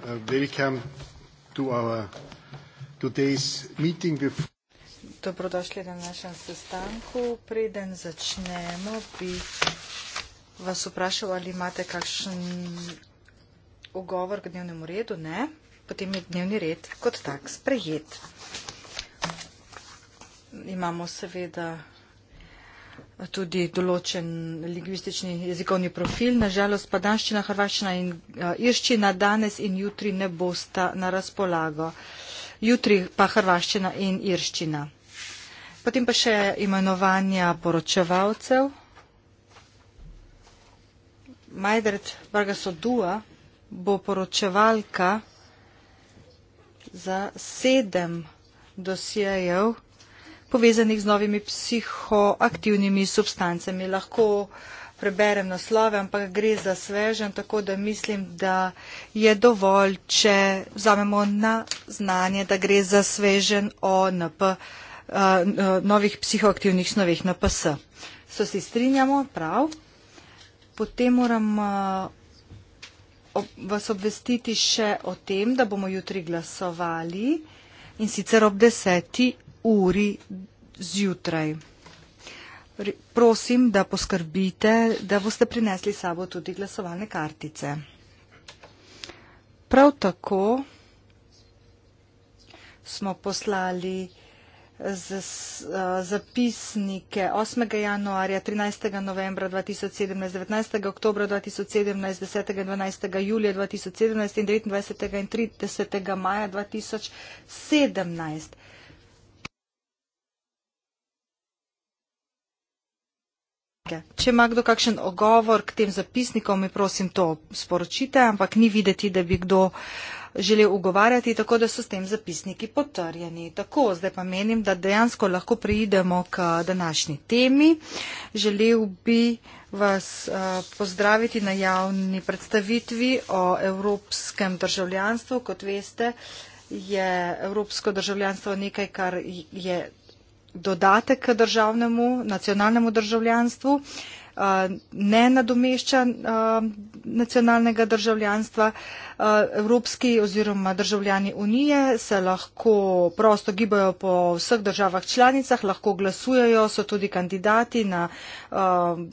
Uh, welcome to our today's meeting. Dobrodošli na našem sestanku. Preden začnemo, bi vas vprašal, ali imate kakšen ogovor k dnevnemu redu. Ne? Potem je dnevni red kot tak sprejet. Imamo seveda tudi določen lingvistični jezikovni profil. Nažalost pa danščina, hrvaščina in irščina danes in jutri ne bosta na razpolago. Jutri pa hrvaščina in irščina. Potem pa še imenovanja poročevalcev. Majdret Vargasodua bo poročevalka za sedem dosjejev povezanih z novimi psihoaktivnimi substancami. Lahko preberem naslove, ampak gre za svežen, tako da mislim, da je dovolj, če vzamemo na znanje, da gre za svežen o NP, eh, eh, novih psihoaktivnih snoveh NPS. So si strinjamo, prav. Potem moram eh, vas obvestiti še o tem, da bomo jutri glasovali in sicer ob deseti uri zjutraj. Prosim, da poskrbite, da boste prinesli sabo tudi glasovalne kartice. Prav tako smo poslali z, z, zapisnike 8. januarja, 13. novembra 2017, 19. oktobra 2017, 10. in 12. julija 2017 in 29. in 30. maja 2017. zapiske. Če ima kdo kakšen ogovor k tem zapisnikom, mi prosim to sporočite, ampak ni videti, da bi kdo želel ugovarjati, tako da so s tem zapisniki potrjeni. Tako, zdaj pa menim, da dejansko lahko prijidemo k današnji temi. Želel bi vas eh, pozdraviti na javni predstavitvi o evropskem državljanstvu. Kot veste, je evropsko državljanstvo nekaj, kar je dodatek k državnemu, nacionalnemu državljanstvu, ne nadomešča nacionalnega državljanstva. Evropski oziroma državljani Unije se lahko prosto gibajo po vseh državah članicah, lahko glasujejo, so tudi kandidati na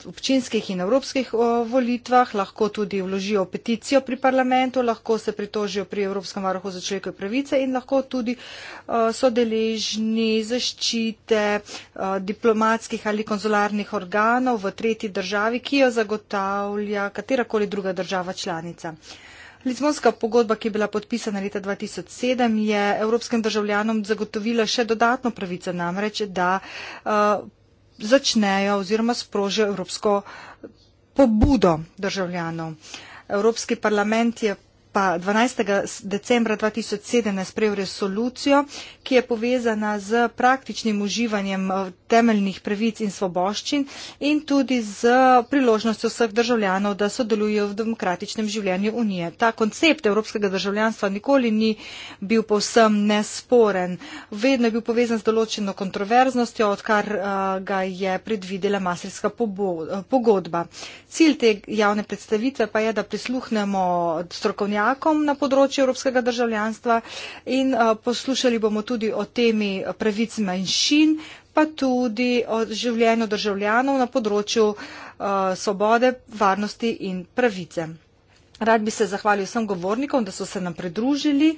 občinskih in evropskih volitvah, lahko tudi vložijo peticijo pri parlamentu, lahko se pritožijo pri Evropskem varuhu za človekove pravice in lahko tudi so deležni zaščite diplomatskih ali konzularnih organov v tretji državi državi, ki jo zagotavlja katerakoli druga država članica. Lizbonska pogodba, ki je bila podpisana leta 2007, je evropskim državljanom zagotovila še dodatno pravico namreč, da uh, začnejo oziroma sprožijo evropsko pobudo državljanov. Evropski parlament je pa 12. decembra 2017 sprejel resolucijo, ki je povezana z praktičnim uživanjem eh, temeljnih pravic in svoboščin in tudi z priložnostjo vseh državljanov, da sodelujejo v demokratičnem življenju Unije. Ta koncept evropskega državljanstva nikoli ni bil povsem nesporen. Vedno je bil povezan z določeno kontroverznostjo, odkar eh, ga je predvidela masrska pogodba. Cilj te javne predstavitve pa je, da prisluhnemo strokovnjakom na področju evropskega državljanstva in eh, poslušali bomo tudi o temi pravic manjšin, pa tudi o življenju državljanov na področju uh, svobode, varnosti in pravice. Rad bi se zahvalil vsem govornikom, da so se nam pridružili.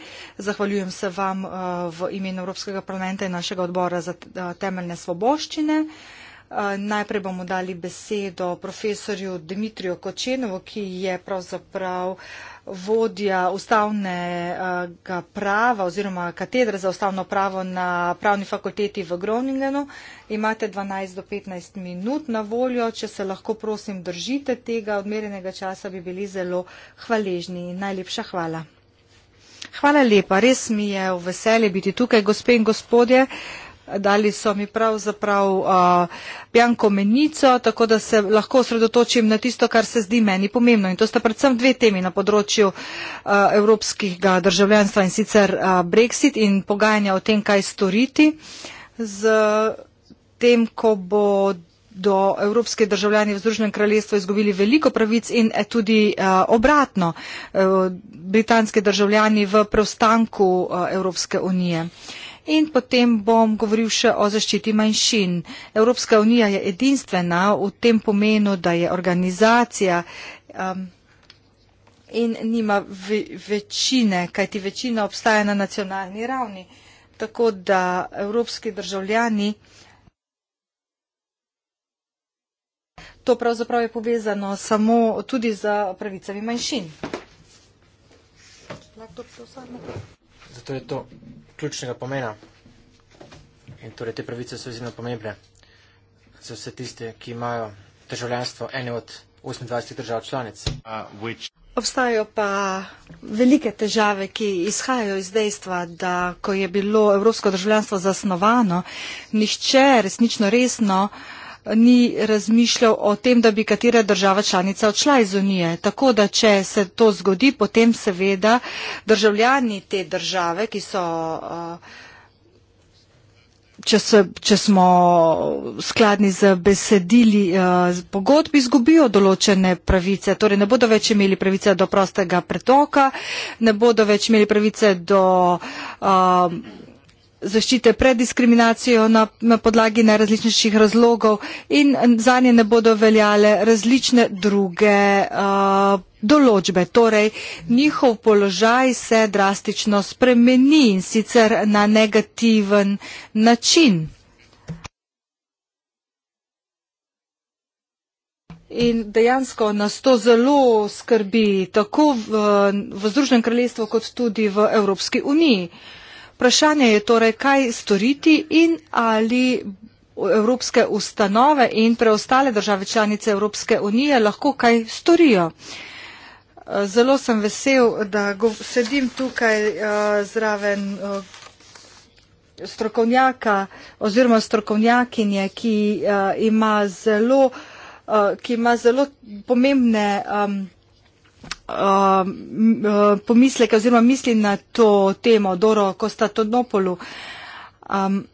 Zahvaljujem se vam uh, v imenu Evropskega parlamenta in našega odbora za eh, temeljne svoboščine. Uh, Eh, najprej bomo dali besedo profesorju Dimitriju Kočenovu, ki je pravzaprav vodja ustavnega prava oziroma katedra za ustavno pravo na pravni fakulteti v Groningenu. Imate 12 do 15 minut na voljo. Če se lahko prosim držite tega odmerenega časa, bi bili zelo hvaležni. Najlepša hvala. Hvala lepa. Res mi je v veselje biti tukaj, gospe in gospodje. Uh, dali so mi pravzaprav pijanko uh, menico, tako da se lahko osredotočim na tisto, kar se zdi meni pomembno. In to sta predvsem dve temi na področju uh, evropskega državljanstva in sicer uh, Brexit in pogajanja o tem, kaj storiti z tem, ko bo do evropske državljani v Združenem kraljestvu izgubili veliko pravic in e, tudi uh, obratno uh, e, britanske državljani v preostanku uh, Evropske unije. Uh, In potem bom govoril še o zaščiti manjšin. Evropska unija je edinstvena v tem pomenu, da je organizacija um, in nima ve večine, kajti večina obstaja na nacionalni ravni. Tako da evropski državljani. To pravzaprav je povezano samo tudi za pravicami manjšin. Zato je to ključnega pomena. In torej te pravice so izjemno pomembne za vse tiste, ki imajo državljanstvo ene od 28 držav članic. Uh, which... Obstajajo pa velike težave, ki izhajajo iz dejstva, da ko je bilo evropsko državljanstvo zasnovano, nišče resnično resno ni razmišljal o tem, da bi katera država članica odšla iz Unije. Tako da, če se to zgodi, potem seveda državljani te države, ki so. Uh, Če, se, če smo skladni z besedili eh, pogodbi, izgubijo določene pravice. Torej, ne bodo več imeli pravice do prostega pretoka, ne bodo več imeli pravice do. Eh, zaščite pred diskriminacijo na, na podlagi najrazličnejših razlogov in za nje ne bodo veljale različne druge uh, določbe. Torej, njihov položaj se drastično spremeni in sicer na negativen način. In dejansko nas to zelo skrbi tako v, v Združenem kraljestvu kot tudi v Evropski uniji. Uh, Vprašanje je torej, kaj storiti in ali evropske ustanove in preostale države članice Evropske unije lahko kaj storijo. Zelo sem vesel, da sedim tukaj eh, zraven eh, strokovnjaka oziroma strokovnjakinje, ki eh, ima zelo, ki ima zelo pomembne vprašanje Eh, pomisleke oziroma misli na to temo Doro Kostatonopolu. Um,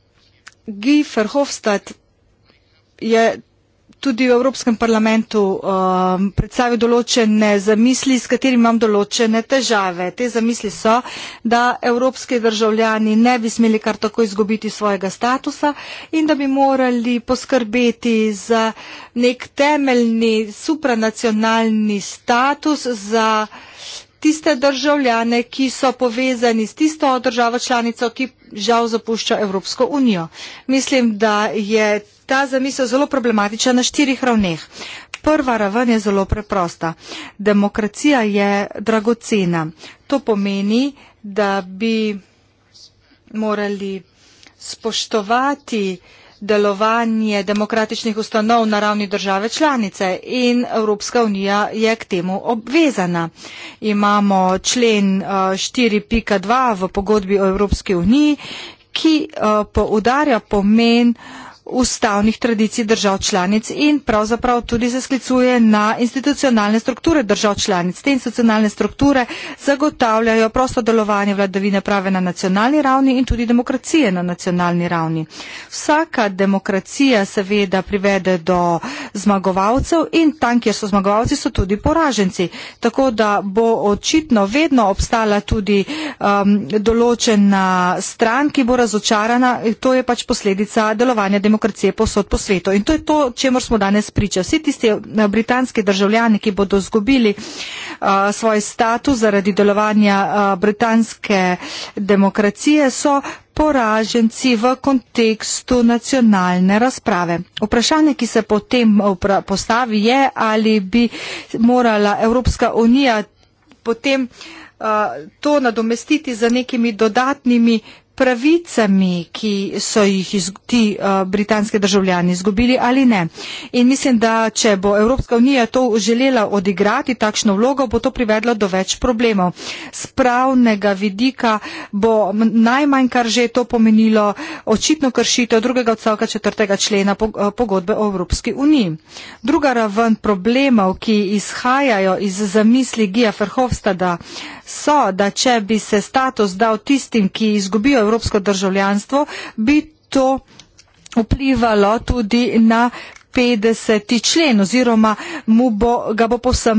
Guy Verhofstadt je tudi v Evropskem parlamentu uh, predstavil določene zamisli, s katerimi imam določene težave. Te zamisli so, da evropski državljani ne bi smeli kar tako izgubiti svojega statusa in da bi morali poskrbeti za nek temeljni supranacionalni status za uh, tiste državljane, ki so povezani s tisto državo članico, ki žal zapušča Evropsko unijo. Mislim, da je ta zamisel zelo problematična na štirih ravneh. Prva raven je zelo preprosta. Demokracija je dragocena. To pomeni, da bi morali spoštovati uh, delovanje demokratičnih ustanov na ravni države članice in Evropska unija je k temu obvezana. Imamo člen 4.2 eh, v pogodbi o Evropski uniji, ki eh, poudarja pomen ustavnih tradicij držav članic in pravzaprav tudi se sklicuje na institucionalne strukture držav članic. Te institucionalne strukture zagotavljajo prosto delovanje vladavine prave na nacionalni ravni in tudi demokracije na nacionalni ravni. Vsaka demokracija seveda privede do zmagovalcev in tam, kjer so zmagovalci, so tudi poraženci. Tako da bo očitno vedno obstala tudi um, določena stran, ki bo razočarana. To je pač posledica delovanja demokracije demokracije posod po svetu. In to je to, čemu smo danes priča. Vsi tisti eh, britanski državljani, ki bodo zgubili uh, eh, svoj status zaradi delovanja uh, britanske demokracije, so poraženci v kontekstu nacionalne razprave. Vprašanje, ki se potem postavi, je, ali bi morala Evropska unija potem uh, to nadomestiti z nekimi dodatnimi pravicami, ki so jih ti uh, britanski državljani izgubili ali ne. In mislim, da če bo Evropska unija to želela odigrati, takšno vlogo, bo to privedlo do več problemov. Z pravnega vidika bo najmanj, kar že to pomenilo, očitno kršitev drugega odstavka četrtega člena eh, pogodbe o Evropski uniji. Druga raven problemov, ki izhajajo iz zamisli Gija Ferhovsta, da uh, so, da če bi se status dal tistim, ki izgubijo evropsko državljanstvo, bi to vplivalo tudi na 50. člen oziroma bo, ga bo povsem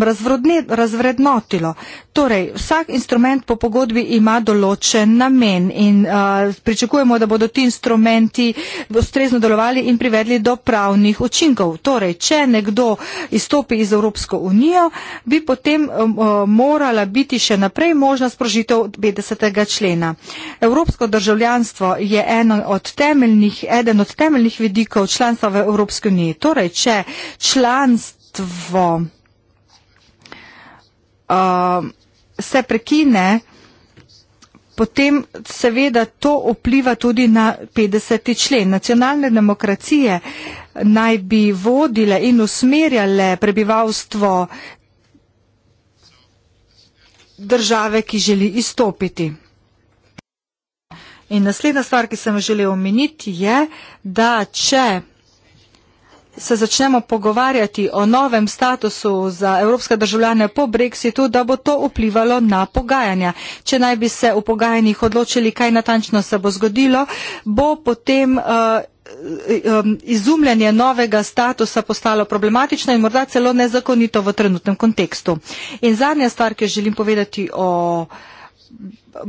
razvrednotilo. Torej, vsak instrument po pogodbi ima določen namen in uh, pričakujemo, da bodo ti instrumenti ustrezno delovali in privedli do pravnih učinkov. Torej, če nekdo izstopi iz Evropsko unijo, bi potem uh, morala biti še naprej možna sprožitev 50. člena. Evropsko državljanstvo je od eden od temeljnih vidikov članstva v Evropski uniji. Torej, če članstvo uh, se prekine, potem seveda to vpliva tudi na 50. člen. Nacionalne demokracije naj bi vodile in usmerjale prebivalstvo države, ki želi izstopiti. In naslednja stvar, ki sem želel omeniti, je, da če se začnemo pogovarjati o novem statusu za evropske državljane po brexitu, da bo to vplivalo na pogajanja. Če naj bi se v pogajanjih odločili, kaj natančno se bo zgodilo, bo potem. Uh, izumljanje novega statusa postalo problematično in morda celo nezakonito v trenutnem kontekstu. In zadnja stvar, ki jo želim povedati o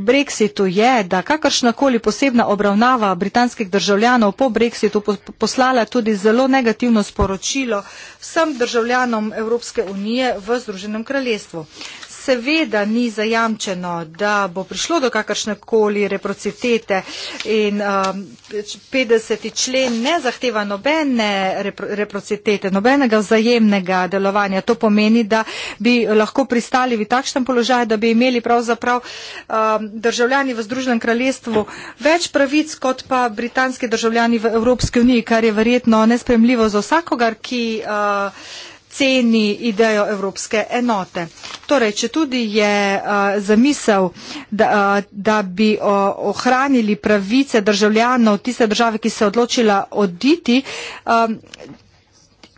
Brexitu je, da kakršnakoli posebna obravnava britanskih državljanov po Brexitu poslala tudi zelo negativno sporočilo vsem državljanom Evropske unije v Združenem kraljestvu seveda ni zajamčeno, da bo prišlo do kakršnekoli reprocitete in um, 50. Pač člen ne zahteva nobene repro reprocitete, nobenega vzajemnega delovanja. To pomeni, da bi lahko pristali v takšnem položaju, da bi imeli pravzaprav um, državljani v Združenem kraljestvu več pravic kot pa britanski državljani v Evropski uniji, kar je verjetno nespremljivo za vsakogar, ki. Uh, ceni idejo evropske enote. Torej, če tudi je uh, zamisel, da, uh, da bi uh, ohranili pravice državljanov tiste države, ki se je odločila oditi, um,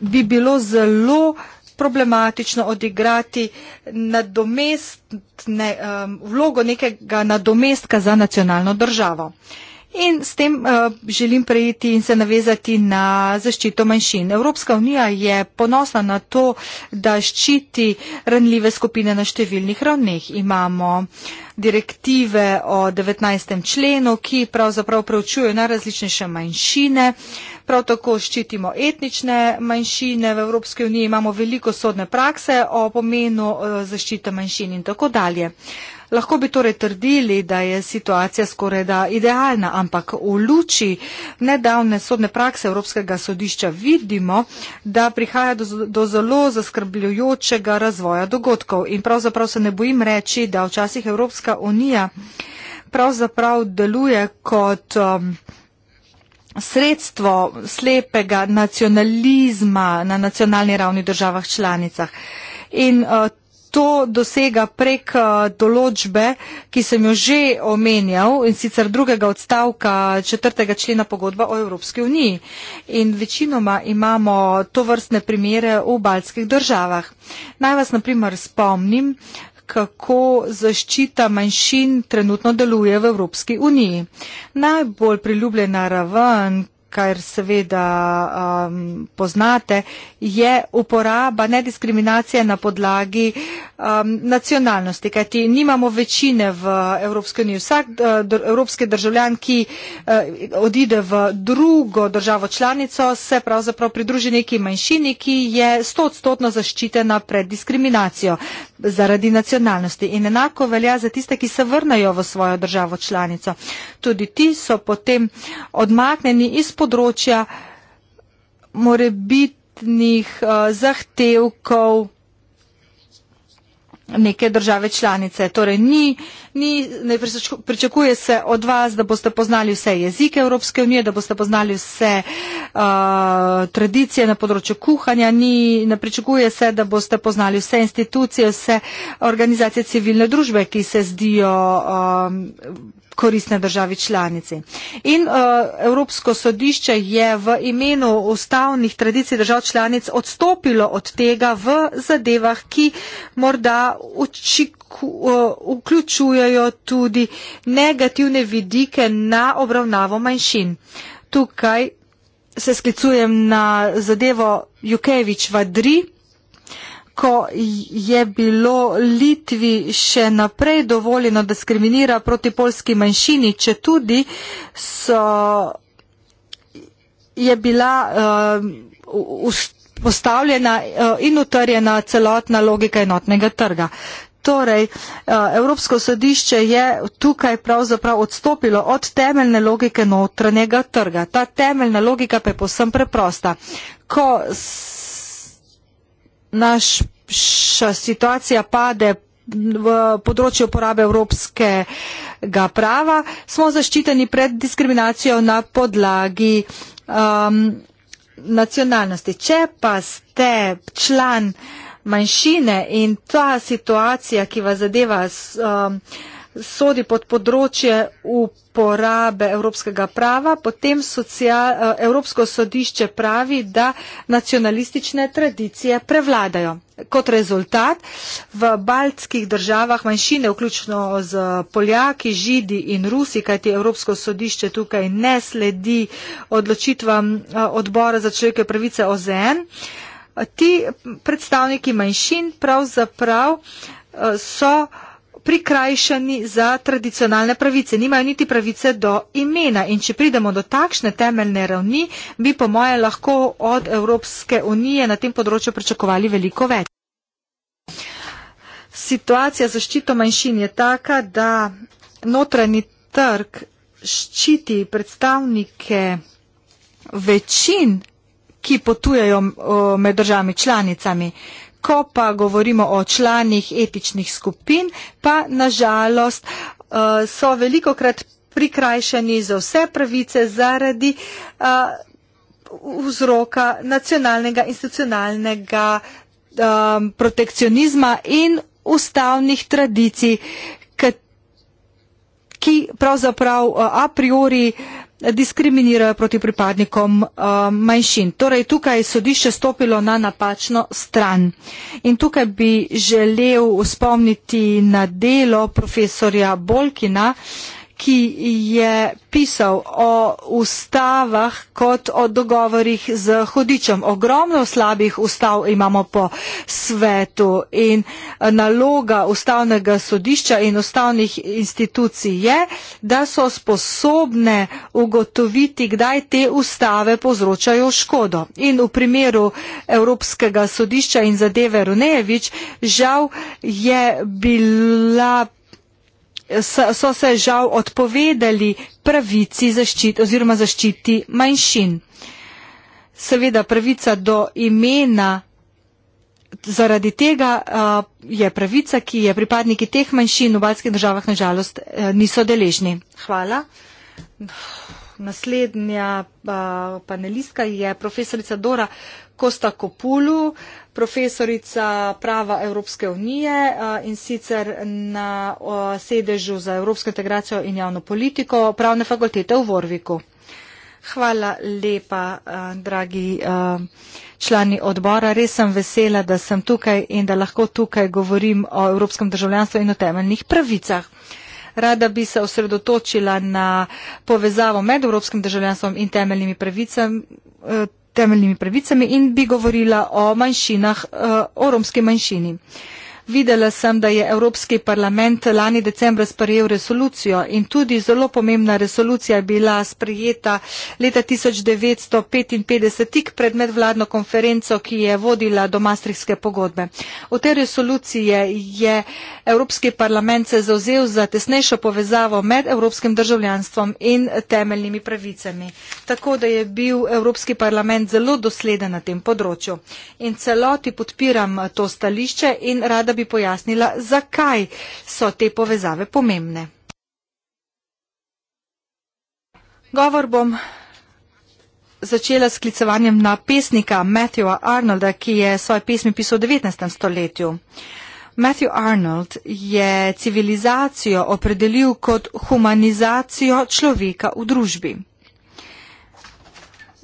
bi bilo zelo problematično odigrati nadomest, ne, um, vlogo nekega nadomestka za nacionalno državo. Uh, In s tem uh, želim prejiti in se navezati na zaščito manjšin. Evropska unija je ponosna na to, da ščiti ranljive skupine na številnih ravneh. Imamo direktive o 19. členu, ki pravzaprav preučujejo najrazličnejše manjšine, Prav tako ščitimo etnične manjšine, v Evropske unije imamo veliko sodne prakse o pomenu eh, zaščite manjšin in tako dalje. Lahko bi torej trdili, da je situacija skoraj da idealna, ampak v luči nedavne sodne prakse Evropskega sodišča vidimo, da prihaja do, do zelo zaskrbljujočega razvoja dogodkov. In pravzaprav se ne bojim reči, da včasih Evropska unija pravzaprav deluje kot. Um, sredstvo slepega nacionalizma na nacionalni ravni v državah članicah. In eh, to dosega prek eh, določbe, ki sem jo že omenjal, in sicer drugega odstavka četrtega člena pogodba o Evropski uniji. In večinoma imamo to vrstne primere v baltskih državah. Naj vas naprimer spomnim, kako zaščita manjšin trenutno deluje v Evropski uniji. Najbolj priljubljena raven, kar seveda um, poznate, je uporaba nediskriminacije na podlagi um, nacionalnosti, kajti nimamo večine v Evropski uniji. Vsak eh, dr, evropski državljan, ki uh, odide v drugo državo članico, se pravzaprav pridruži neki manjšini, ki je stotstotno zaščitena pred diskriminacijo zaradi nacionalnosti. In enako velja za tiste, ki se vrnajo v svojo državo članico. Tudi ti so potem odmaknjeni iz področja morebitnih eh, zahtevkov neke države članice. Torej, ni, ni, ne pričakuje se od vas, da boste poznali vse jezike Evropske unije, da boste poznali vse uh, tradicije na področju kuhanja, ni, ne pričakuje se, da boste poznali vse institucije, vse organizacije civilne družbe, ki se zdijo. Um, koristne državi članici. In uh, Evropsko sodišče je v imenu ustavnih tradicij držav članic odstopilo od tega v zadevah, ki morda očiku, uh, vključujejo tudi negativne vidike na obravnavo manjšin. Tukaj se sklicujem na zadevo Jukevič v 3 ko je bilo Litvi še naprej dovoljeno diskriminira proti polski manjšini, če tudi so, je bila uh, postavljena uh, in utrjena celotna logika enotnega trga. Torej, eh, Evropsko sodišče je tukaj pravzaprav odstopilo od temeljne logike notranjega trga. Ta temeljna logika pa je posem preprosta. Ko naša situacija pade v področju uporabe evropskega prava, smo zaščiteni pred diskriminacijo na podlagi um, nacionalnosti. Če pa ste član manjšine in ta situacija, ki vas zadeva. Um, sodi pod področje uporabe evropskega prava, potem social, eh, Evropsko sodišče pravi, da nacionalistične tradicije prevladajo. Kot rezultat v baltskih državah manjšine, vključno z Poljaki, Židi in Rusi, kajti Evropsko sodišče tukaj ne sledi odločitvam eh, odbora za človeke pravice OZN, ti predstavniki manjšin pravzaprav eh, so prikrajšani za tradicionalne pravice, nimajo niti pravice do imena. In če pridemo do takšne temeljne ravni, bi po moje lahko od Evropske unije na tem področju pričakovali veliko več. Situacija zaščito manjšin je taka, da notranji trg ščiti predstavnike večin, ki potujejo med državami članicami ko pa govorimo o članih etičnih skupin, pa nažalost uh, so veliko krat prikrajšani za vse pravice zaradi uh, vzroka nacionalnega institucionalnega um, protekcionizma in ustavnih tradicij, ki pravzaprav uh, a priori diskriminirajo proti pripadnikom eh, manjšin. Torej, tukaj je sodišče stopilo na napačno stran. In tukaj bi želel spomniti na delo profesorja Bolkina, ki je pisal o ustavah kot o dogovorih z hodičem. Ogromno slabih ustav imamo po svetu in naloga ustavnega sodišča in ustavnih institucij je, da so sposobne ugotoviti, kdaj te ustave povzročajo škodo. In v primeru Evropskega sodišča in zadeve Runejevič žal je bila so se žal odpovedali pravici zaščit, oziroma zaščiti manjšin. Seveda pravica do imena zaradi tega je pravica, ki je pripadniki teh manjšin v balskih državah nažalost niso deležni. Hvala. Naslednja panelistka je profesorica Dora Kosta Kopulu profesorica prava Evropske unije eh, in sicer na sedežu za evropsko integracijo in javno politiko pravne fakultete v Vorviku. Hvala lepa, eh, dragi eh, člani odbora. Res sem vesela, da sem tukaj in da lahko tukaj govorim o evropskem državljanstvu in o temeljnih pravicah. Rada bi se osredotočila na povezavo med evropskim državljanstvom in temeljnimi pravicami temeljnimi pravicami in bi govorila o manjšinah, eh, o romski manjšini. Videla sem, da je Evropski parlament lani decembra sprejel resolucijo in tudi zelo pomembna resolucija je bila sprejeta leta 1955 tik pred medvladno konferenco, ki je vodila do Maastrichtske pogodbe. V tej resoluciji je Evropski parlament se zauzel za tesnejšo povezavo med evropskim državljanstvom in temeljnimi pravicami. Tako da je bil Evropski parlament zelo dosleden na tem področju. In celoti podpiram to stališče in rada bi bi pojasnila, zakaj so te povezave pomembne. Govor bom začela s klicevanjem na pesnika Matthewa Arnolda, ki je svoje pesmi pisal v 19. stoletju. Matthew Arnold je civilizacijo opredelil kot humanizacijo človeka v družbi.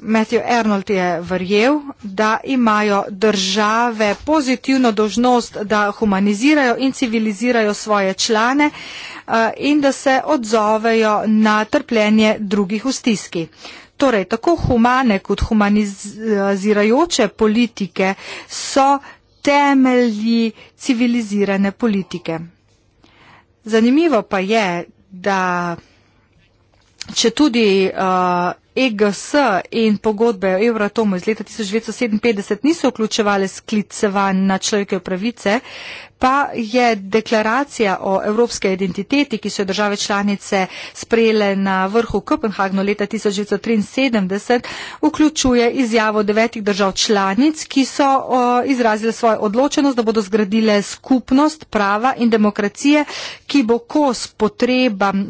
Matthew Arnold je verjel, da imajo države pozitivno dožnost, da humanizirajo in civilizirajo svoje člane eh, in da se odzovejo na trpljenje drugih v stiski. Torej, tako humane kot humanizirajoče politike so temelji civilizirane politike. Zanimivo pa je, da če tudi uh, EGS in pogodbe o Euratomu iz leta 1957 niso vključevali sklicevanj na človekove pravice, pa je deklaracija o evropske identiteti, ki so jo države članice sprejele na vrhu Kopenhagno leta 1973, vključuje izjavo devetih držav članic, ki so o, izrazile svojo odločenost, da bodo zgradile skupnost prava in demokracije, ki bo kos potrebam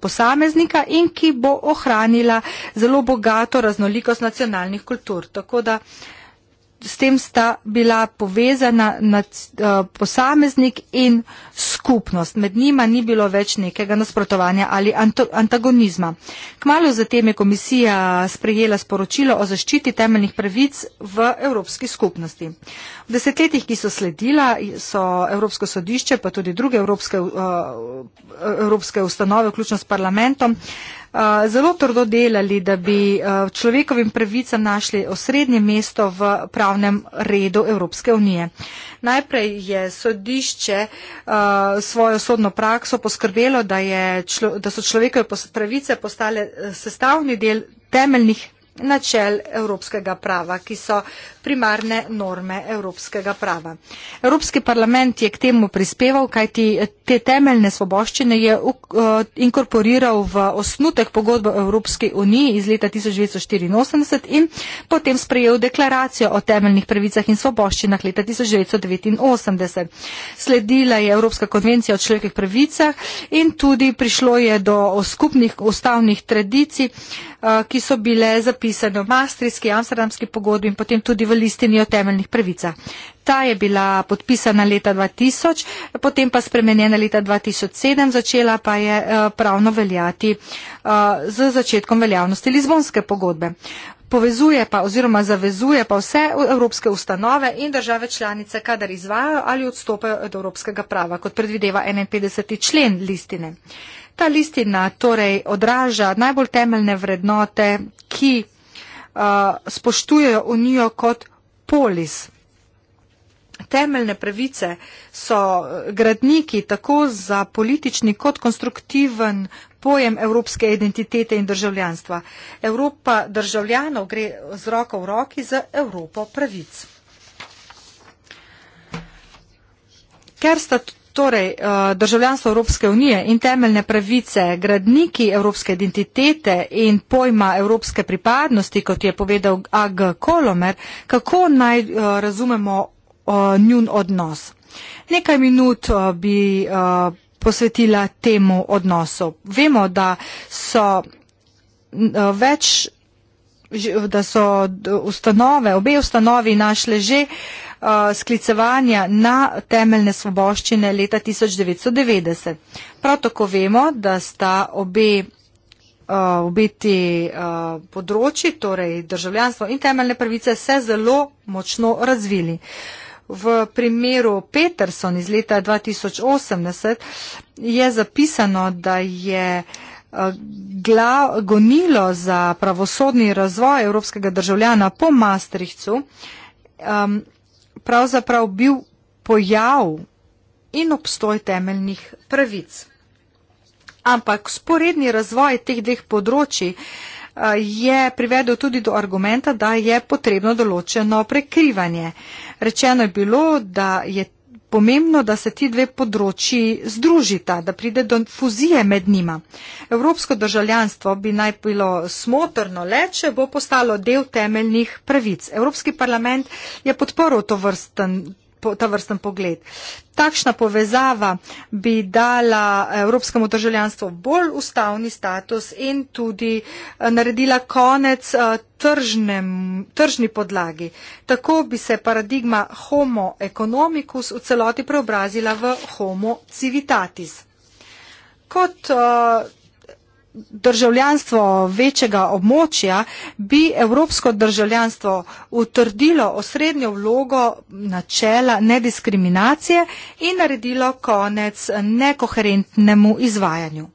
posameznika in ki bo ohranila zelo bogato raznolikost nacionalnih kultur. Tako da s tem sta bila povezana nad, uh, eh, posameznik in skupnost. Med njima ni bilo več nekega nasprotovanja ali anto, antagonizma. Kmalo zatem je komisija sprejela sporočilo o zaščiti temeljnih pravic v Evropski skupnosti. V desetletjih, ki so sledila, so Evropsko sodišče, pa tudi druge evropske, uh, evropske ustanove, vključno s parlamentom, uh, zelo trdo delali, da bi človekovim pravicam našli osrednje mesto v pravnem redu Evropske unije. Najprej je sodišče svojo sodno prakso poskrbelo, da, je, da so človekove pravice postale sestavni del temeljnih načel evropskega prava, ki so primarne norme evropskega prava. Evropski parlament je k temu prispeval, kajti te temeljne svoboščine je uh, inkorporiral v osnutek pogodbe o Evropski uniji iz leta 1984 in potem sprejel deklaracijo o temeljnih pravicah in svoboščinah leta 1989. Sledila je Evropska konvencija o človekih pravicah in tudi prišlo je do skupnih ustavnih tradicij, Eh, ki so bile zapisane v Maastrichtski, Amsterdamski pogodbi in potem tudi v listini o temeljnih pravicah. Ta je bila podpisana leta 2000, potem pa spremenjena leta 2007, začela pa je eh, pravno veljati eh, z začetkom veljavnosti Lizbonske pogodbe. Povezuje pa oziroma zavezuje pa vse evropske ustanove in države članice, kadar izvajajo ali odstopajo od evropskega prava, kot predvideva 51. člen listine. Ta listina torej odraža najbolj temeljne vrednote, ki uh, spoštujejo unijo kot polis. Temeljne pravice so uh, gradniki tako za politični kot konstruktiven pojem evropske identitete in državljanstva. Evropa državljanov gre z roko v roki z Evropo pravic. Ker sta torej eh, državljanstvo Evropske unije in temeljne pravice, gradniki evropske identitete in pojma evropske pripadnosti, kot je povedal AG Kolomer, kako naj eh, razumemo eh, njun odnos? Nekaj minut bi posvetila temu odnosu. Vemo, da so eh, več, da so ustanove, obe ustanovi našle že eh, sklicevanja na temeljne svoboščine leta 1990. Prav tako vemo, da sta obe, eh, obe ti področji, torej državljanstvo in temeljne pravice, se zelo močno razvili. V primeru Peterson iz leta 2080 je zapisano, da je eh, gla, gonilo za pravosodni razvoj evropskega državljana po Maastrichtu um, pravzaprav bil pojav in obstoj temeljnih pravic. Ampak sporedni razvoj teh dveh področji uh, je privedel tudi do argumenta, da je potrebno določeno prekrivanje. Rečeno je bilo, da je pomembno, da se ti dve področji združita, da pride do fuzije med njima. Evropsko državljanstvo bi naj bilo smotrno le, če bo postalo del temeljnih pravic. Evropski parlament je podporil to vrsten ta vrsten pogled. Takšna povezava bi dala evropskemu državljanstvu bolj ustavni status in tudi eh, naredila konec eh, tržnem, tržni podlagi. Tako bi se paradigma homo economicus v celoti preobrazila v homo civitatis. Kot uh, državljanstvo večjega območja, bi evropsko državljanstvo utrdilo osrednjo vlogo načela nediskriminacije in naredilo konec nekoherentnemu izvajanju.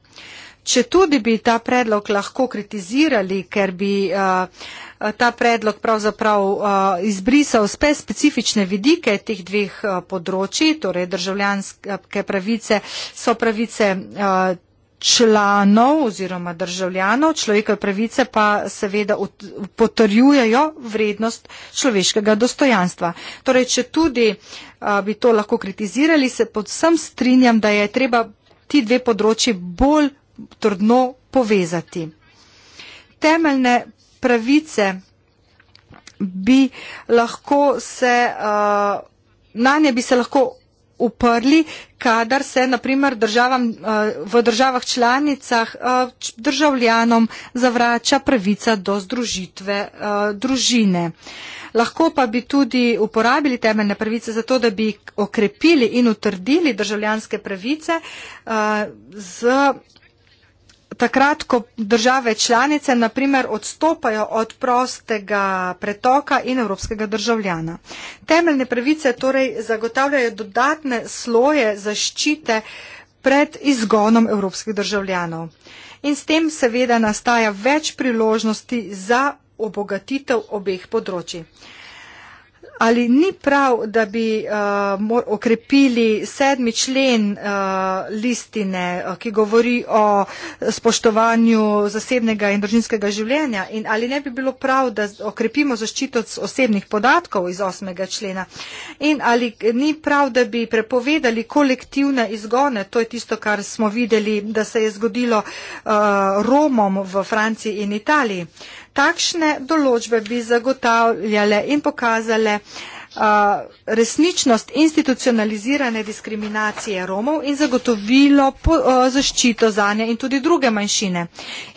Če tudi bi ta predlog lahko kritizirali, ker bi uh, ta predlog pravzaprav uh, izbrisal spet specifične vidike teh dveh uh, eh, področji, torej državljanske pravice so pravice uh, članov oziroma državljanov, človekove pravice pa seveda potrjujejo vrednost človeškega dostojanstva. Torej, če tudi a, bi to lahko kritizirali, se podsem strinjam, da je treba ti dve področji bolj trdno povezati. Temeljne pravice bi lahko se, a, na nje bi se lahko uprli, kadar se naprimer državam, eh, v državah članicah eh, državljanom zavrača pravica do združitve eh, družine. Lahko pa bi tudi uporabili temeljne pravice za to, da bi okrepili in utrdili državljanske pravice z takrat, ko države članice, naprimer, odstopajo od prostega pretoka in evropskega državljana. Temeljne pravice torej zagotavljajo dodatne sloje zaščite pred izgonom evropskih državljanov. In s tem seveda nastaja več priložnosti za obogatitev obeh področji ali ni prav, da bi uh, mor, okrepili sedmi člen uh, listine, uh, ki govori o spoštovanju zasebnega in družinskega življenja in ali ne bi bilo prav, da okrepimo zaščito osebnih podatkov iz osmega člena in ali ni prav, da bi prepovedali kolektivne izgone, to je tisto, kar smo videli, da se je zgodilo uh, Romom v Franciji in Italiji. Uh, takšne določbe bi zagotavljale in pokazale, resničnost institucionalizirane diskriminacije Romov in zagotovilo po, uh, zaščito zanje in tudi druge manjšine.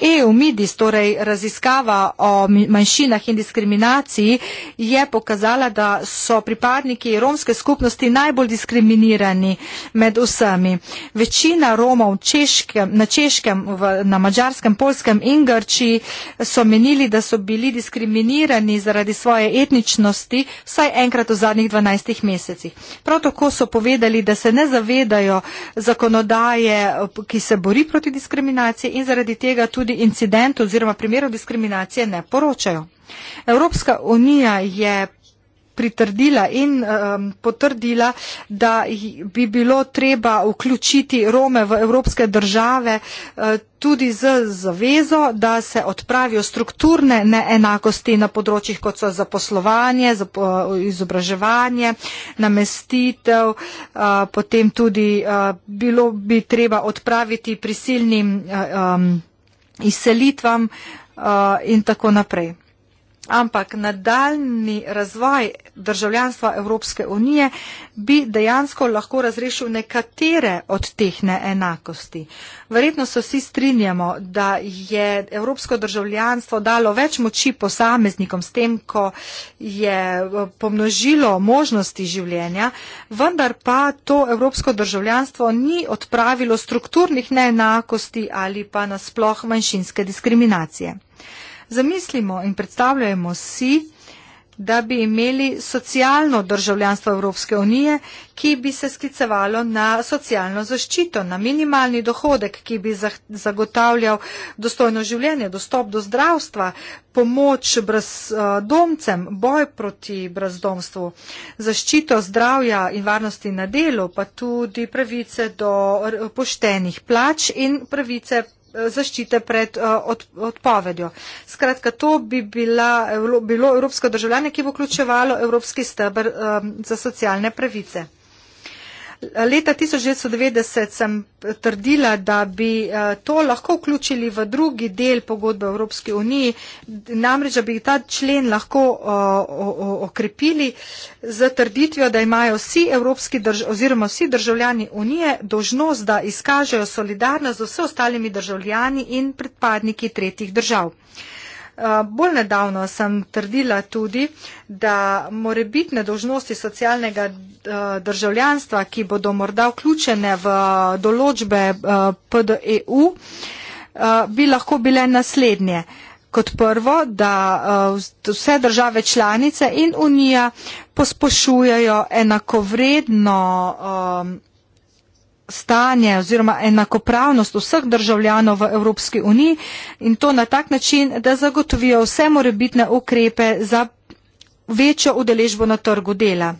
EU MIDIS, torej raziskava o manjšinah in diskriminaciji, je pokazala, da so pripadniki romske skupnosti najbolj diskriminirani med vsemi. Večina Romov češkem, na češkem, v, na mađarskem, polskem in Grčiji so menili, da so bili diskriminirani zaradi svoje etničnosti vsaj enkrat v zadnjih 12 mesecih. Prav tako so povedali, da se ne zavedajo zakonodaje, ki se bori proti diskriminaciji in zaradi tega tudi incident oziroma primerov diskriminacije ne poročajo. Evropska unija je pritrdila in um, potrdila, da bi bilo treba vključiti Rome v evropske države uh, tudi z zavezo, da se odpravijo strukturne neenakosti na področjih, kot so zaposlovanje, zap uh, izobraževanje, namestitev, uh, potem tudi uh, bilo bi treba odpraviti prisilnim uh, um, izselitvam uh, in tako naprej. Ampak nadaljni razvoj državljanstva Evropske unije bi dejansko lahko razrešil nekatere od teh neenakosti. Verjetno se vsi strinjamo, da je Evropsko državljanstvo dalo več moči posameznikom s tem, ko je pomnožilo možnosti življenja, vendar pa to Evropsko državljanstvo ni odpravilo strukturnih neenakosti ali pa nasploh manjšinske diskriminacije. Zamislimo in predstavljajmo si, da bi imeli socialno državljanstvo Evropske unije, ki bi se sklicevalo na socialno zaščito, na minimalni dohodek, ki bi zagotavljal dostojno življenje, dostop do zdravstva, pomoč brezdomcem, boj proti brezdomstvu, zaščito zdravja in varnosti na delu, pa tudi pravice do poštenih plač in pravice Eh, zaščite pred eh, odpovedjo. Skratka, to bi bila, eh, bilo evropsko državljanje, ki bo vključevalo evropski stebr za socialne pravice. Leta 1990 sem trdila, da bi eh, to lahko vključili v drugi del pogodbe Evropske unije, namreč, da bi ta člen lahko eh, okrepili z trditvijo, da imajo vsi evropski drž oziroma vsi državljani unije dožnost, da izkažejo solidarnost z vse ostalimi državljani in predpadniki tretjih držav. Eh, bolj nedavno sem trdila tudi, da more biti nedožnosti socialnega eh, državljanstva, ki bodo morda vključene v določbe eh, PDEU, bi lahko bile naslednje. Kot prvo, da vse države članice in Unija pospošujejo enakovredno stanje oziroma enakopravnost vseh državljanov v Evropski uniji in to na tak način, da zagotovijo vse morebitne ukrepe za večjo udeležbo na trgu dela.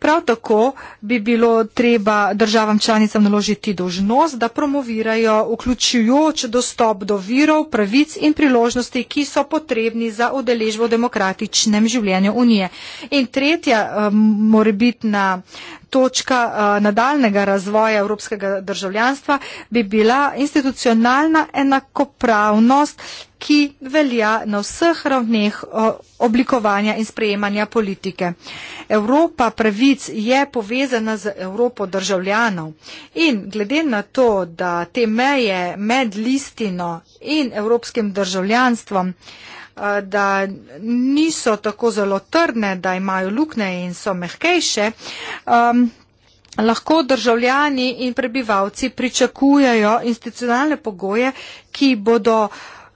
Prav tako bi bilo treba državam članicam naložiti dožnost, da promovirajo vključujoč dostop do virov, pravic in priložnosti, ki so potrebni za udeležbo v demokratičnem življenju Unije. In tretja eh, mora biti na točka eh, nadaljnega razvoja evropskega državljanstva bi bila institucionalna enakopravnost ki velja na vseh ravneh oblikovanja in sprejemanja politike. Evropa pravic je povezana z Evropo državljanov in glede na to, da te meje med listino in evropskim državljanstvom da niso tako zelo trdne, da imajo lukne in so mehkejše, um, lahko državljani in prebivalci pričakujejo institucionalne pogoje, ki bodo uh,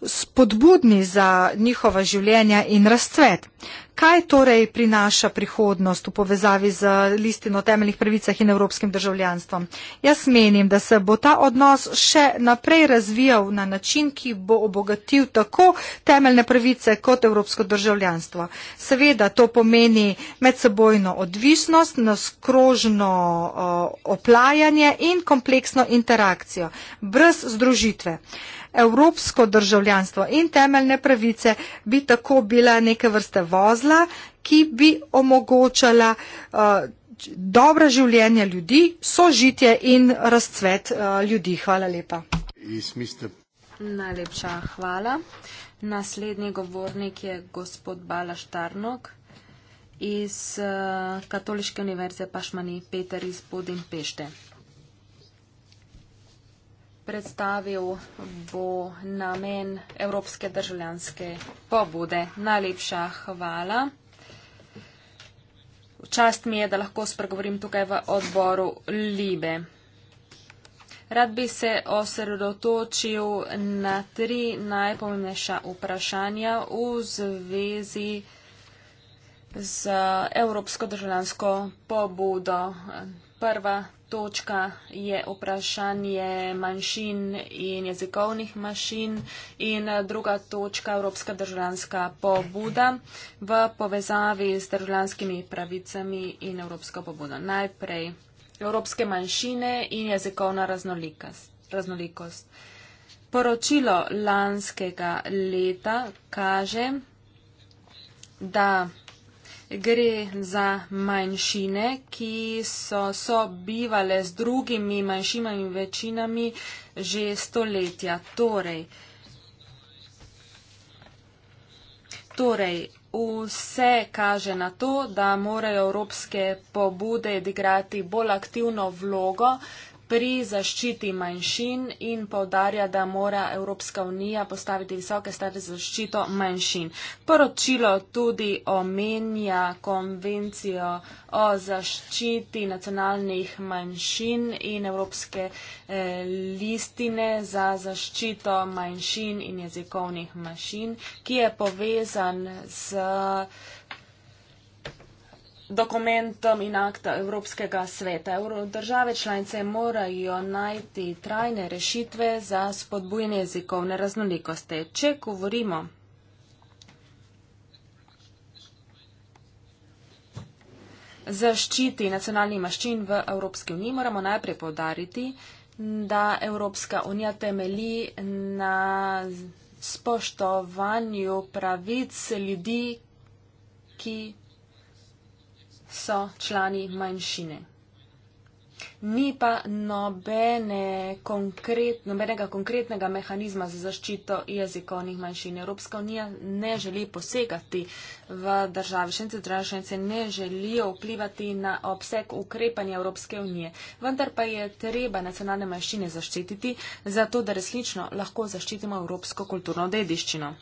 spodbudni za njihova življenja in razcvet. Kaj torej prinaša prihodnost v povezavi z listino o temeljnih pravicah in evropskim državljanstvom? Jaz menim, da se bo ta odnos še naprej razvijal na način, ki bo obogatil tako temeljne pravice kot evropsko državljanstvo. Seveda to pomeni medsebojno odvisnost, naskrožno uh, oplajanje in kompleksno interakcijo brez združitve. Uh, evropsko državljanstvo in temeljne pravice bi tako bila neke vrste vozla, ki bi omogočala uh, dobra življenja ljudi, sožitje in razcvet uh, ljudi. Hvala lepa. Najlepša hvala. Naslednji govornik je gospod Bala Štarnok iz uh, Katoliške univerze Pašmani Peter iz Budimpešte predstavil bo namen Evropske državljanske pobude. Najlepša hvala. Čast mi je, da lahko spregovorim tukaj v odboru Libe. Rad bi se osredotočil na tri najpomembnejša vprašanja v zvezi z Evropsko državljansko pobudo. Prva točka je vprašanje manjšin in jezikovnih manjšin in eh, druga točka Evropska državljanska pobuda v povezavi z državljanskimi pravicami in Evropsko pobudo. Najprej Evropske manjšine in jezikovna raznolikost. Poročilo lanskega leta kaže, da gre za manjšine, ki so sobivale z drugimi manjšimi večinami že stoletja. Torej, torej, vse kaže na to, da morajo evropske pobude igrati bolj aktivno vlogo, pri zaščiti manjšin in povdarja, da mora Evropska unija postaviti visoke stare zaščito manjšin. Poročilo tudi omenja konvencijo o zaščiti nacionalnih manjšin in Evropske eh, listine za zaščito manjšin in jezikovnih manjšin, ki je povezan z dokumentom in akta Evropskega sveta. Države članice morajo najti trajne rešitve za spodbujanje jezikovne raznolikosti. Če govorimo zaščiti nacionalnih maščin v Evropski uniji, moramo najprej povdariti, da Evropska unija temeli na spoštovanju pravic ljudi, ki so člani manjšine. Ni pa nobene konkret, nobenega konkretnega mehanizma za zaščito jezikovnih manjšin. Evropska unija ne želi posegati v države šence, države šence ne želijo vplivati na obseg ukrepanja Evropske unije. Vendar pa je treba nacionalne manjšine zaščititi, zato da resnično lahko zaščitimo evropsko kulturno dediščino.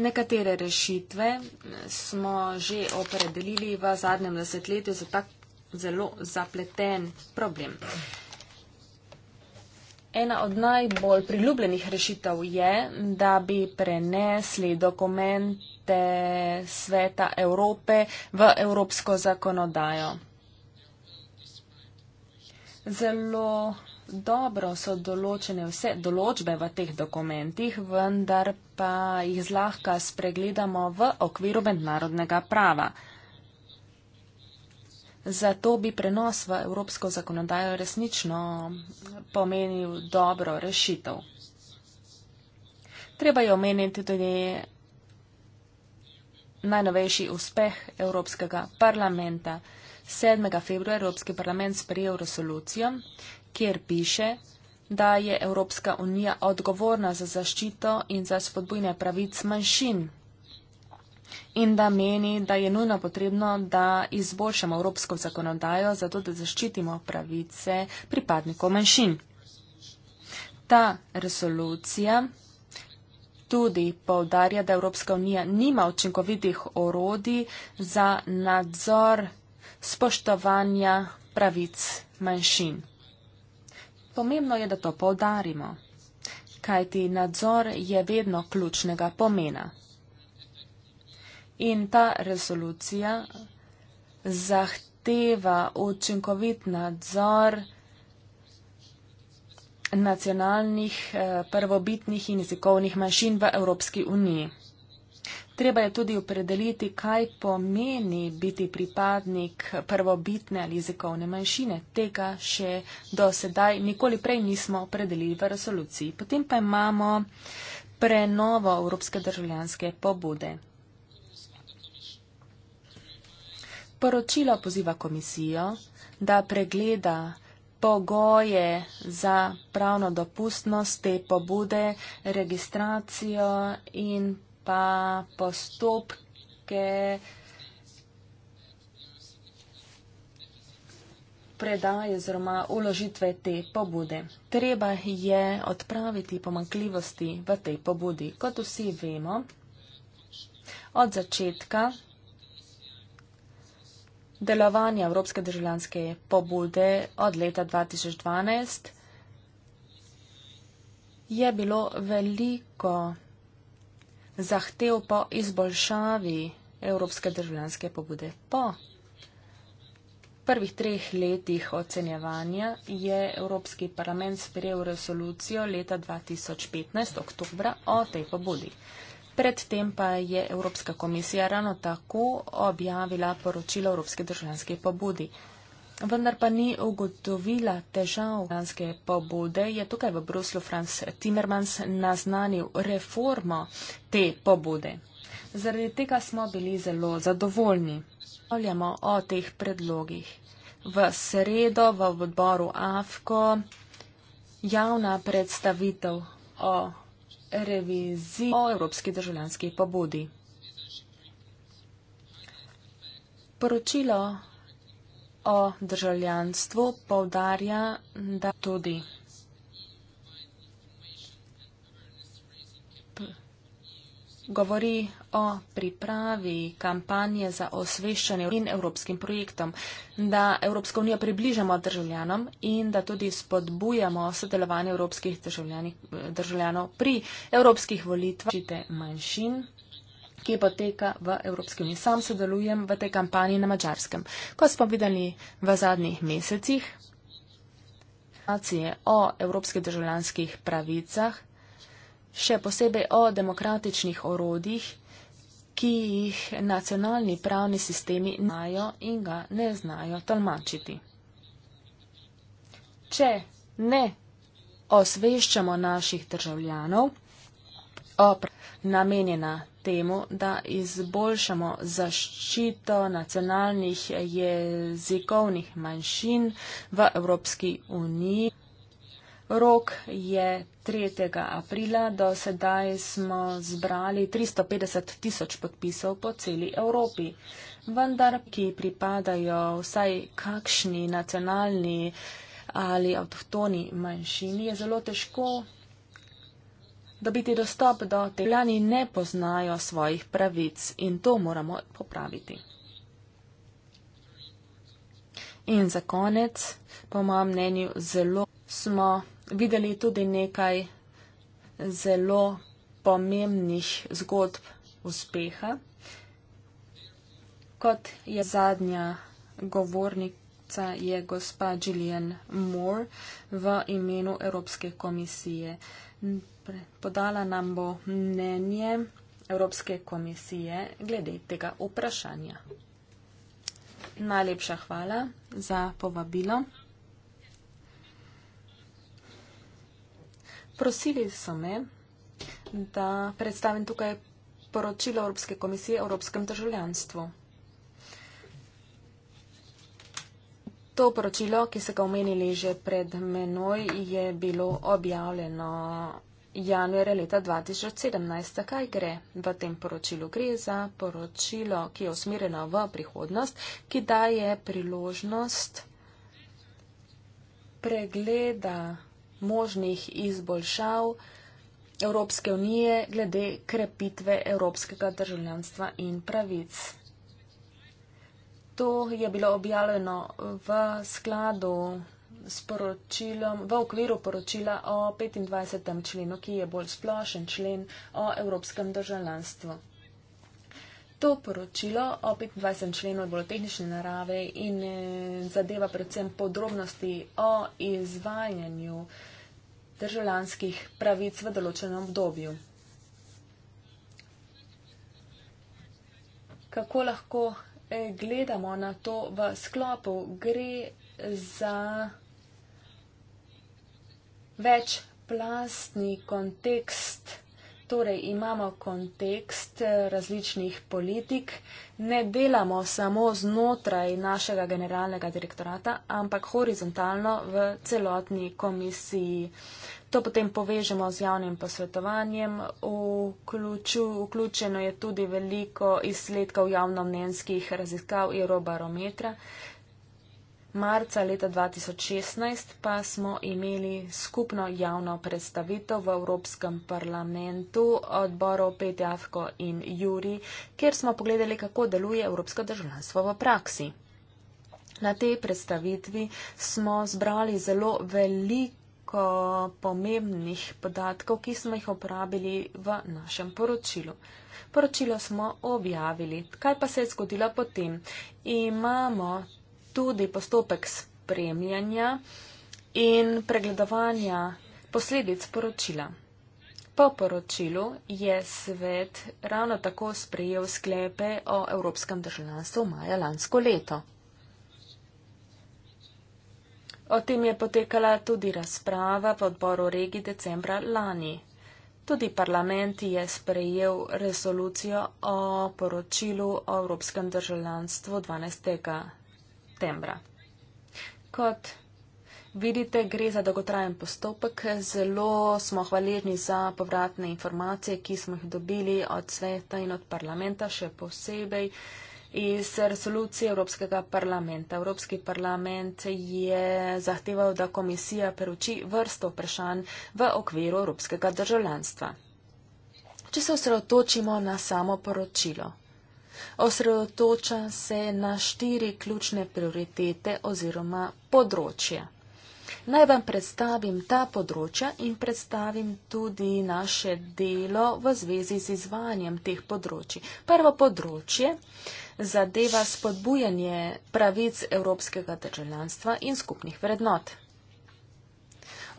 Nekatere rešitve smo že opredelili v zadnjem desetletju za tak zelo zapleten problem. Ena od najbolj priljubljenih rešitev je, da bi prenesli dokumente Sveta Evrope v evropsko zakonodajo. Zelo dobro so določene vse določbe v teh dokumentih, vendar pa jih zlahka spregledamo v okviru mednarodnega prava. Zato bi prenos v evropsko zakonodajo resnično pomenil dobro rešitev. Treba je omeniti tudi najnovejši uspeh Evropskega parlamenta. 7. februar Evropski parlament sprejel resolucijo, kjer piše, da je Evropska unija odgovorna za zaščito in za spodbujne pravic manjšin in da meni, da je nujno potrebno, da izboljšamo evropsko zakonodajo, zato da zaščitimo pravice pripadnikov manjšin. Ta resolucija tudi povdarja, da Evropska unija nima učinkovitih orodij za nadzor spoštovanja pravic manjšin. Pomembno je, da to povdarimo, kajti nadzor je vedno ključnega pomena. In ta resolucija zahteva učinkovit nadzor nacionalnih eh, prvobitnih in jezikovnih manjšin v Evropski uniji. Treba je tudi opredeliti, kaj pomeni biti pripadnik prvobitne ali jezikovne manjšine. Tega še do sedaj nikoli prej nismo opredelili v resoluciji. Potem pa imamo prenovo Evropske državljanske pobude. Poročilo poziva komisijo, da pregleda pogoje za pravno dopustnost te pobude, registracijo in pa postopke predaje oziroma uložitve te pobude. Treba je odpraviti pomankljivosti v tej pobudi. Kot vsi vemo, od začetka delovanja Evropske državljanske pobude od leta 2012 je bilo veliko zahtev po izboljšavi evropske državljanske pobude. Po prvih treh letih ocenjevanja je Evropski parlament sprejel resolucijo leta 2015, oktobra, o tej pobudi. Predtem pa je Evropska komisija ravno tako objavila poročilo Evropske državljanske pobudi vendar pa ni ugotovila težav. Danske pobude je tukaj v Bruslu Franz Timmermans naznanil reformo te pobude. Zaradi tega smo bili zelo zadovoljni. Poljamo o teh predlogih. V sredo v odboru AFKO javna predstavitev o reviziji o evropski državljanski pobudi. Poročilo o državljanstvu povdarja, da tudi govori o pripravi kampanje za osveščanje in evropskim projektom, da Evropsko unijo približamo državljanom in da tudi spodbujamo sodelovanje evropskih državljanov pri evropskih volitvah manjšin ki pa teka v Evropski uniji. Sam sodelujem v tej kampanji na Mačarskem. Ko smo videli v zadnjih mesecih informacije o evropskih državljanskih pravicah, še posebej o demokratičnih orodjih, ki jih nacionalni pravni sistemi znajo in ga ne znajo tolmačiti. Če ne osveščamo naših državljanov, opra namenjena temu, da izboljšamo zaščito nacionalnih jezikovnih manjšin v Evropski uniji. Rok je 3. aprila, do sedaj smo zbrali 350 tisoč podpisov po celi Evropi. Vendar, ki pripadajo vsaj kakšni nacionalni ali avtohtoni manjšini, je zelo težko da biti dostop do teljani ne poznajo svojih pravic in to moramo popraviti. In za konec, po mojem mnenju, zelo smo videli tudi nekaj zelo pomembnih zgodb uspeha. Kot je zadnja govornica, je gospa Gillian Moore v imenu Evropske komisije podala nam bo mnenje Evropske komisije glede tega vprašanja. Najlepša hvala za povabilo. Prosili so me, da predstavim tukaj poročilo Evropske komisije o evropskem državljanstvu. To poročilo, ki se ga omenili že pred menoj, je bilo objavljeno januarja leta 2017. Kaj gre? V tem poročilu gre za poročilo, ki je usmerjeno v prihodnost, ki daje priložnost pregleda možnih izboljšav Evropske unije glede krepitve evropskega državljanstva in pravic. To je bilo objavljeno v skladu v okviru poročila o 25. členu, ki je bolj splošen člen o evropskem državljanstvu. To poročilo o 25. členu je bolj tehnične narave in eh, zadeva predvsem podrobnosti o izvajanju državljanskih pravic v določenem obdobju. Kako lahko eh, gledamo na to v sklopu? Gre za večplastni kontekst. Torej imamo kontekst eh, različnih politik, ne delamo samo znotraj našega generalnega direktorata, ampak horizontalno v celotni komisiji. To potem povežemo z javnim posvetovanjem, vključu, vključeno je tudi veliko izsledkov javnomnenskih raziskav Eurobarometra. Marca leta 2016 pa smo imeli skupno javno predstavitev v Evropskem parlamentu odborov Petjavko in Juri, kjer smo pogledali, kako deluje evropsko državljanstvo v praksi. Na tej predstavitvi smo zbrali zelo veliko pomembnih podatkov, ki smo jih uporabili v našem poročilu. Poročilo smo objavili. Kaj pa se je zgodilo potem? Imamo tudi postopek spremljanja in pregledovanja posledic poročila. Po poročilu je svet ravno tako sprejel sklepe o evropskem državljanstvu maja lansko leto. O tem je potekala tudi razprava v odboru regi decembra lani. Tudi parlament je sprejel resolucijo o poročilu o evropskem državljanstvu 12 septembra. Kot vidite, gre za dolgotrajen postopek. Zelo smo hvaležni za povratne informacije, ki smo jih dobili od sveta in od parlamenta, še posebej iz resolucije Evropskega parlamenta. Evropski parlament je zahteval, da komisija peruči vrsto vprašanj v okviru evropskega državljanstva. Če se osredotočimo na samo poročilo osredotoča se na štiri ključne prioritete oziroma področja. Naj vam predstavim ta področja in predstavim tudi naše delo v zvezi z izvanjem teh področji. Prvo področje zadeva spodbujanje pravic evropskega državljanstva in skupnih vrednot.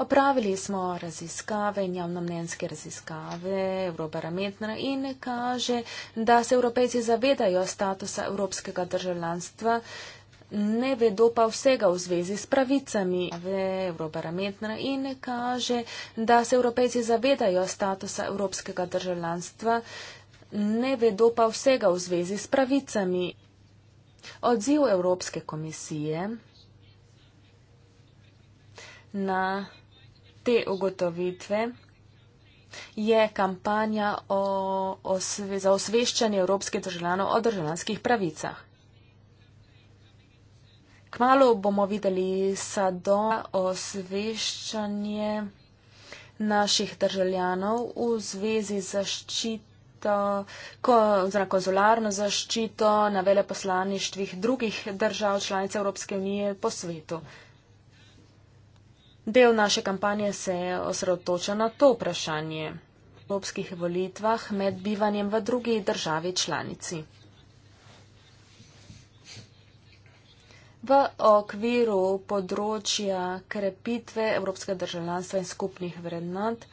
Opravili smo raziskave in javnomnenjske raziskave Eurobarometra in kaže, da se Evropejci zavedajo statusa evropskega državljanstva. Ne vedo pa vsega v zvezi s pravicami. Eurobarometra in kaže, da se Evropejci zavedajo statusa evropskega državljanstva. Ne vedo pa vsega v zvezi s pravicami. Odziv Evropske komisije na te ugotovitve je kampanja o, o, za osveščanje evropskih državljanov o državljanskih pravicah. Kmalo bomo videli sado osveščanje naših državljanov v zvezi z zaščito, oziroma konzularno zaščito na veleposlaništvih drugih držav članic Evropske unije po svetu. Del naše kampanje se osredotoča na to vprašanje v evropskih volitvah med bivanjem v drugi državi članici. V okviru področja krepitve evropskega državljanstva in skupnih vrednot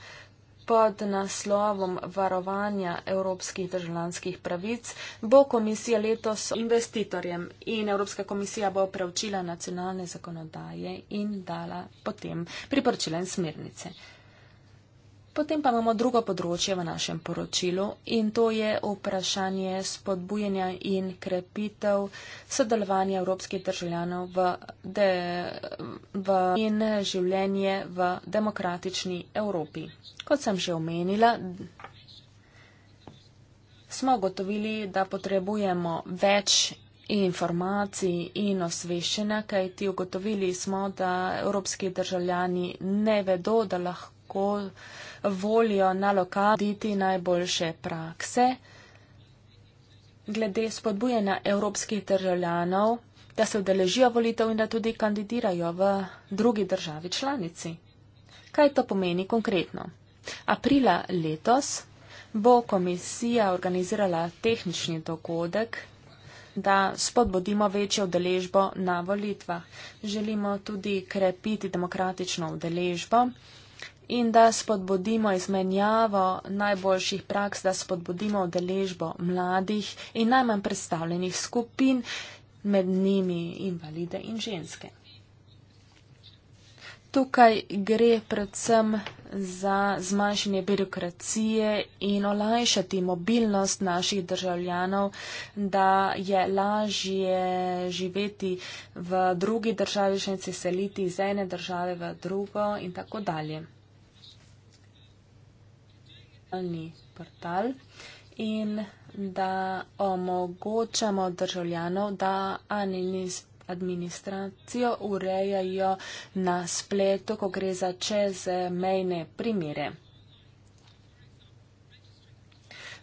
Pod naslovom varovanja evropskih državljanskih pravic bo komisija letos investitorjem in Evropska komisija bo preučila nacionalne zakonodaje in dala potem priporočila in smernice. Potem pa imamo drugo področje v našem poročilu in to je vprašanje spodbujanja in krepitev sodelovanja evropskih državljanov v, de, v in življenje v demokratični Evropi. Kot sem že omenila, smo gotovili, da potrebujemo več informacij in osveščenja, kaj ti ugotovili smo, da evropski državljani ne vedo, da lahko volijo na lokaliti najboljše prakse glede spodbujanja evropskih državljanov, da se udeležijo volitev in da tudi kandidirajo v drugi državi članici. Kaj to pomeni konkretno? Aprila letos bo komisija organizirala tehnični dogodek, da spodbudimo večjo udeležbo na volitvah. Želimo tudi krepiti demokratično udeležbo in da spodbudimo izmenjavo najboljših praks, da spodbudimo deležbo mladih in najmanj predstavljenih skupin, med njimi invalide in ženske. Tukaj gre predvsem za zmanjšanje birokracije in olajšati mobilnost naših državljanov, da je lažje živeti v drugi državi, še se seliti iz ene države v drugo in tako dalje digitalni portal in da omogočamo državljanov, da administracijo urejajo na spletu, ko gre za čezmejne primere.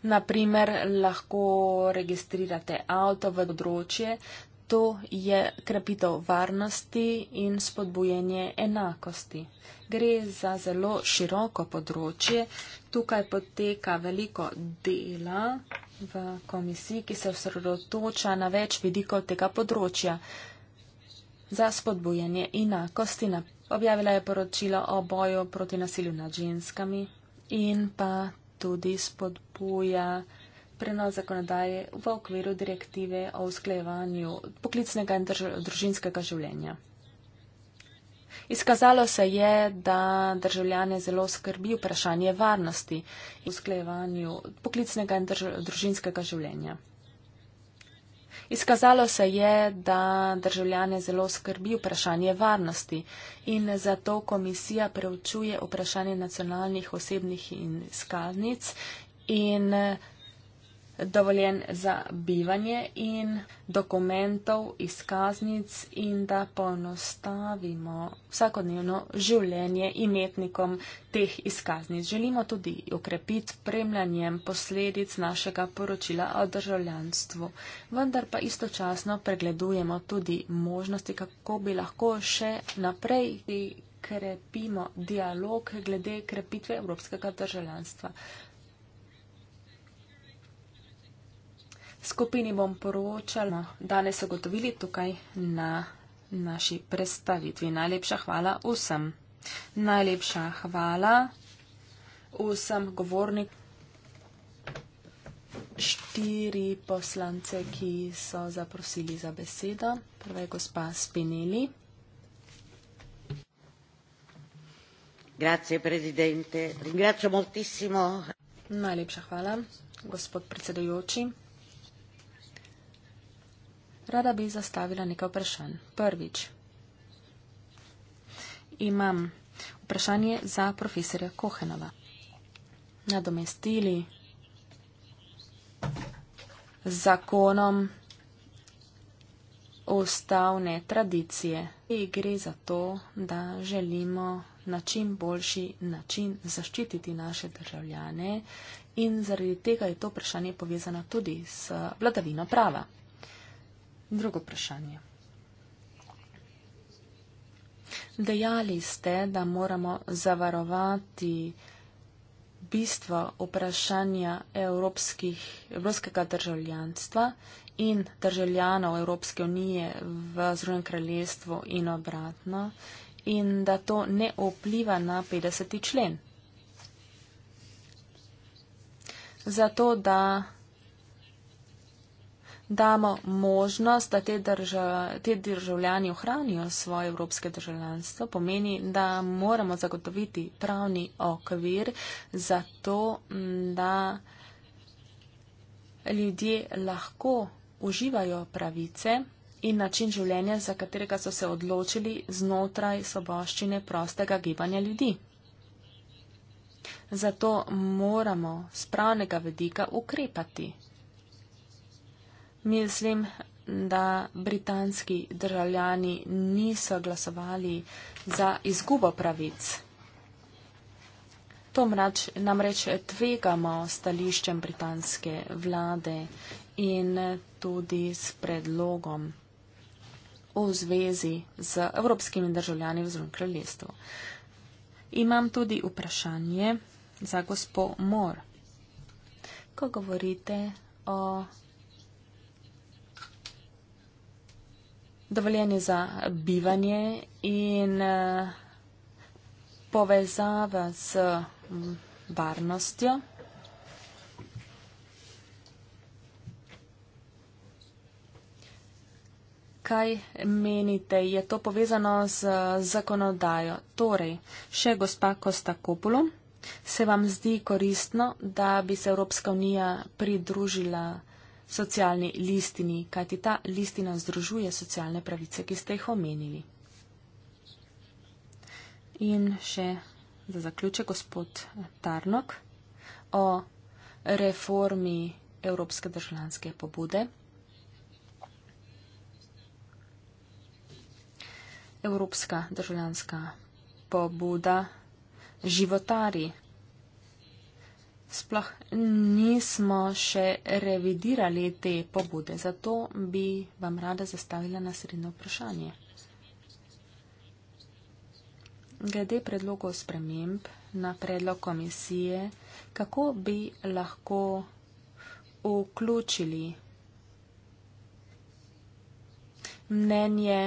Naprimer, lahko registrirate avto v področje, To je krepitev varnosti in spodbujanje enakosti. Gre za zelo široko področje. Tukaj poteka veliko dela v komisiji, ki se osredotoča na več vidikov tega področja za spodbujanje enakosti. Objavila je poročilo o boju proti nasilju nad ženskami in pa tudi spodbuja prenos zakonodaje v okviru direktive o usklejevanju poklicnega in družinskega življenja. Izkazalo se je, da državljane zelo skrbi vprašanje varnosti in usklejevanju poklicnega in družinskega življenja. Izkazalo se je, da državljane zelo skrbi vprašanje varnosti in zato komisija preučuje vprašanje nacionalnih osebnih izkaznic in, in dovoljen za bivanje in dokumentov, izkaznic in da ponostavimo vsakodnevno življenje imetnikom teh izkaznic. Želimo tudi ukrepiti spremljanjem posledic našega poročila o državljanstvu, vendar pa istočasno pregledujemo tudi možnosti, kako bi lahko še naprej krepimo dialog glede krepitve evropskega državljanstva. skupini bom poročal. No, danes so gotovili tukaj na naši predstavitvi. Najlepša hvala vsem. Najlepša hvala vsem govornik. Štiri poslance, ki so zaprosili za besedo. Prva je gospa Spinelli. Grazie, predsednik. Ringrazio moltissimo. Najlepša hvala, gospod predsedujoči. Rada bi zastavila nekaj vprašanj. Prvič. Imam vprašanje za profesora Kohenova. Nadomestili zakonom ustavne tradicije. In gre za to, da želimo na čim boljši način zaščititi naše državljane in zaradi tega je to vprašanje povezano tudi s vladavino prava. Drugo vprašanje. Dejali ste, da moramo zavarovati bistvo vprašanja evropskega državljanstva in državljanov Evropske unije v Združenem kraljestvu in obratno in da to ne vpliva na 50. člen. Zato, da damo možnost, da te, držav, te državljani ohranijo svoje evropske državljanstvo, pomeni, da moramo zagotoviti pravni okvir za to, da ljudje lahko uživajo pravice in način življenja, za katerega so se odločili znotraj soboščine prostega gibanja ljudi. Zato moramo z pravnega vedika ukrepati. Mislim, da britanski državljani niso glasovali za izgubo pravic. To mrač, namreč tvegamo stališčem britanske vlade in tudi s predlogom v zvezi z evropskimi državljani v Zrun kraljestvu. Imam tudi vprašanje za gospod Mor. Ko govorite o dovoljenje za bivanje in eh, povezava s mm, varnostjo. Kaj menite, je to povezano z zakonodajo? Torej, še gospa Kostakopulo, se vam zdi koristno, da bi se Evropska unija pridružila? socialni listini, kajti ta listina združuje socialne pravice, ki ste jih omenili. In še za zaključek, gospod Tarnok, o reformi Evropske državljanske pobude. Evropska državljanska pobuda. Životari sploh nismo še revidirali te pobude. Zato bi vam rada zastavila naslednje vprašanje. Glede predlogov sprememb na predlog komisije, kako bi lahko vključili mnenje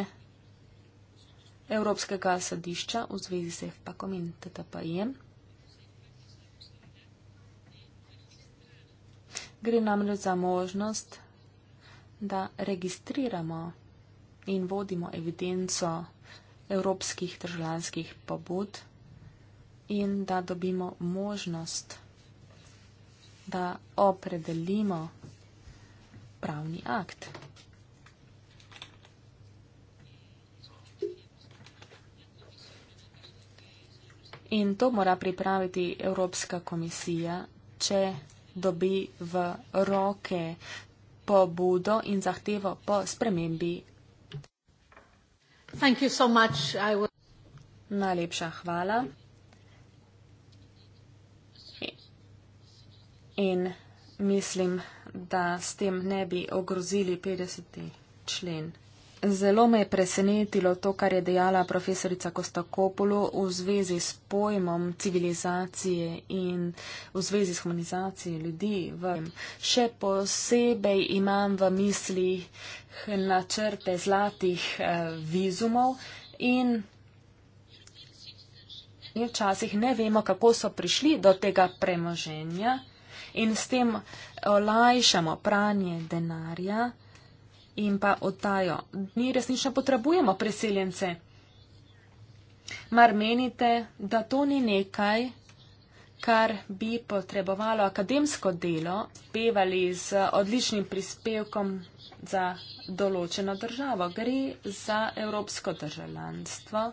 Evropskega sodišča v zvezi s FPAKom in TTP-jem. gre namreč za možnost, da registriramo in vodimo evidenco evropskih državljanskih pobud in da dobimo možnost, da opredelimo pravni akt. In to mora pripraviti Evropska komisija, če dobi v roke pobudo in zahtevo po spremembi. So will... Najlepša hvala. In mislim, da s tem ne bi ogrozili 50. člen. Zelo me je presenetilo to, kar je dejala profesorica Kostakopolo v zvezi s pojmom civilizacije in v zvezi s humanizacijo ljudi. V, še posebej imam v misli načrte zlatih eh, vizumov in včasih ne vemo, kako so prišli do tega premoženja in s tem olajšamo pranje denarja in pa odtajo. Mi resnično potrebujemo preseljence. Mar menite, da to ni nekaj, kar bi potrebovalo akademsko delo, pevali z odličnim prispevkom za določeno državo? Gre za evropsko državljanstvo,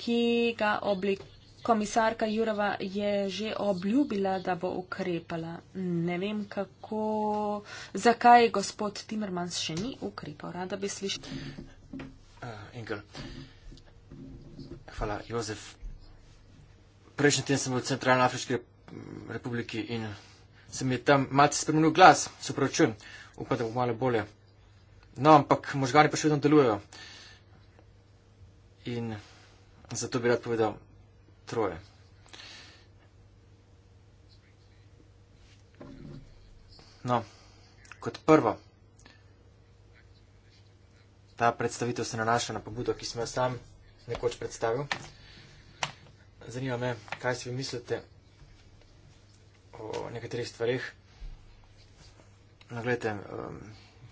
ki ga oblikuje. Komisarka Jurova je že obljubila, da bo ukrepala. Ne vem, kako, zakaj je gospod Timmermans še ni ukrepal. Rada bi slišala. Uh, eh, Ingel. Hvala, Jozef. Prejšnji teden sem bil v Centralni Afriški republiki in sem je tam malce spremenil glas. Se pravčujem, upam, da bo malo bolje. No, ampak možgani pa še vedno delujejo. In zato bi rad povedal, troje. No, kot prvo, ta predstavitev se nanaša na pobudo, ki sem jo sam nekoč predstavil. Zanima me, kaj si vi mislite o nekaterih stvarih. No, gledajte,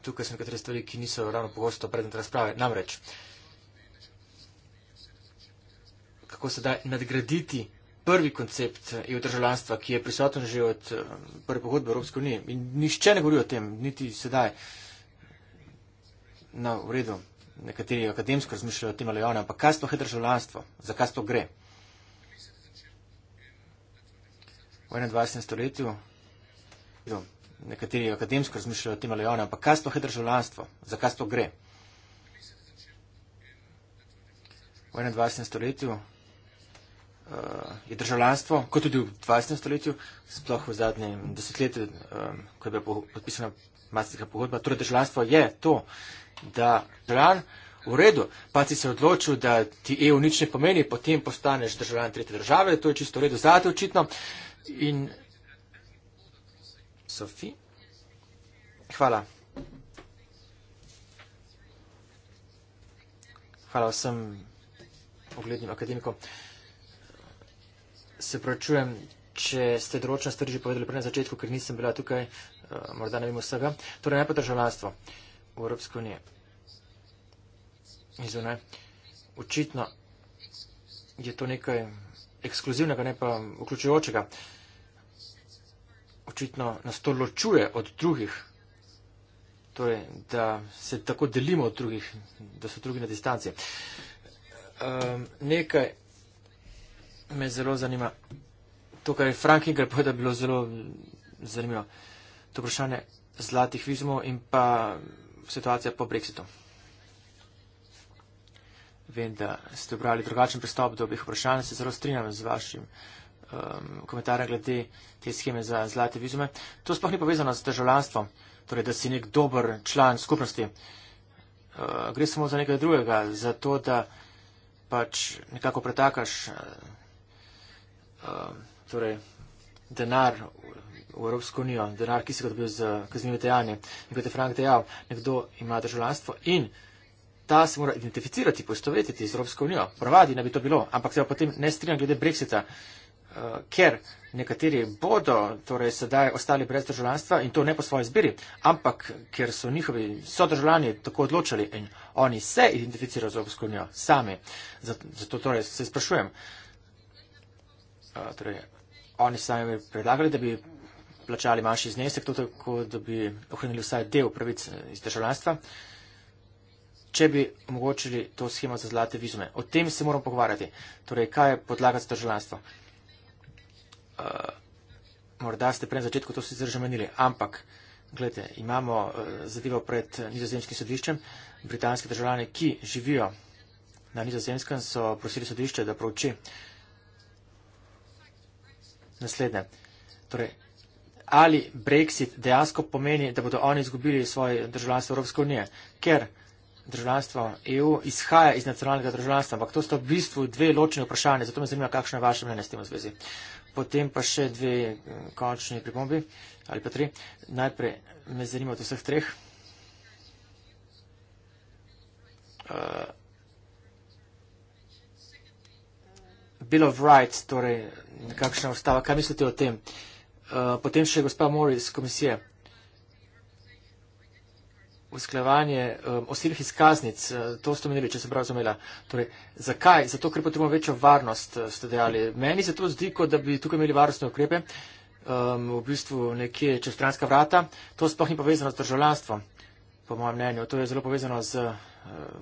tukaj so nekatere stvari, ki niso ravno pogosto predmet razprave. Namreč, lahko sedaj nadgraditi prvi koncept EU državljanstva, ki je prisoten že od eh, prve pogodbe Evropske unije. In nišče ne govori o tem, niti sedaj. Na no, uredu, nekateri akademsko razmišljajo o tem ali ono, ampak kaj sploh je državljanstvo, za kaj sploh gre? V 21. stoletju, nekateri akademsko razmišljajo o tem ali ono, ampak kaj sploh je državljanstvo, za kaj sploh gre? V 21. stoletju uh, je državljanstvo, kot tudi v 20. stoletju, sploh v zadnjem desetletju, um, ko je bila podpisana Maastrichtska pogodba. Torej, državljanstvo je to, da plan v redu, pa si se odločil, da ti EU nič ne pomeni, potem postaneš državljan tretje države, to je čisto v redu, zate očitno. In Sofi, hvala. Hvala vsem oglednim akademikom se pravčujem, če ste določene stvari že povedali pre na začetku, ker nisem bila tukaj, eh, morda ne vem vsega. Torej, najprej državljanstvo v Evropsko unije. Izvonaj. Očitno je to nekaj ekskluzivnega, ne pa vključujočega. Očitno nas to ločuje od drugih. Torej, da se tako delimo od drugih, da so drugi na distanci. Um, nekaj me zelo zanima. To, kar je Frank Inger povedal, bilo zelo zanimivo. To vprašanje zlatih vizumov in pa situacija po Brexitu. Vem, da ste obrali drugačen pristop do obih vprašanj, se zelo strinjam z vašim um, komentarjem glede te scheme za zlate vizume. To sploh ni povezano z državljanstvom, torej da si nek dober član skupnosti. Uh, gre samo za nekaj drugega, za to, da pač nekako pretakaš. Uh, Um, torej, denar v Evropsko unijo, denar, ki se ga dobil z kaznjivim dejanjem. Nekdo je Frank dejal, nekdo ima državljanstvo in ta se mora identificirati, poistovetiti z Evropsko unijo. Pravadi ne bi to bilo, ampak se pa potem ne strinja glede Brexita, uh, ker nekateri bodo torej, sedaj ostali brez državljanstva in to ne po svoji zbiri, ampak ker so njihovi sodržavljani tako odločali in oni se identificirajo z Evropsko unijo sami. Zato, zato torej se sprašujem. Uh, torej, oni sami predlagali, da bi plačali manjši znesek, to tako, da bi ohranili vsaj del pravic eh, iz državljanstva, če bi omogočili to schemo za zlate vizume. O tem se moramo pogovarjati. Torej, kaj je podlaga za državljanstvo? Uh, morda ste pred začetkom to si zaražamenili, ampak gledajte, imamo uh, zadevo pred eh, nizozemskim sodiščem. Britanski državljani, ki živijo na nizozemskem, so prosili sodišče, da prouči uh, naslednje. Torej, ali Brexit dejansko pomeni, da bodo oni izgubili svoje državljanstvo Evropske unije, ker državljanstvo EU izhaja iz nacionalnega državljanstva, ampak to sta v bistvu dve ločene vprašanje, zato me zanima, kakšno je vaše mnenje s tem v zvezi. Potem pa še dve eh, končni pripombi, ali pa tri. Najprej me zanima od vseh treh. Uh, Bill of Rights, torej nekakšna ustava. Kaj mislite o tem? Uh, potem še gospa Morris, komisije. Usklevanje um, eh, osebnih izkaznic, uh, eh, to ste menili, če sem prav razumela. Torej, zakaj? Zato, ker potrebujemo večjo varnost, ste dejali. Meni se to zdi, kot da bi tukaj imeli varnostne ukrepe, um, v bistvu nekje čez stranska vrata. To sploh ni povezano z državljanstvom po mojem mnenju. To je zelo povezano z eh,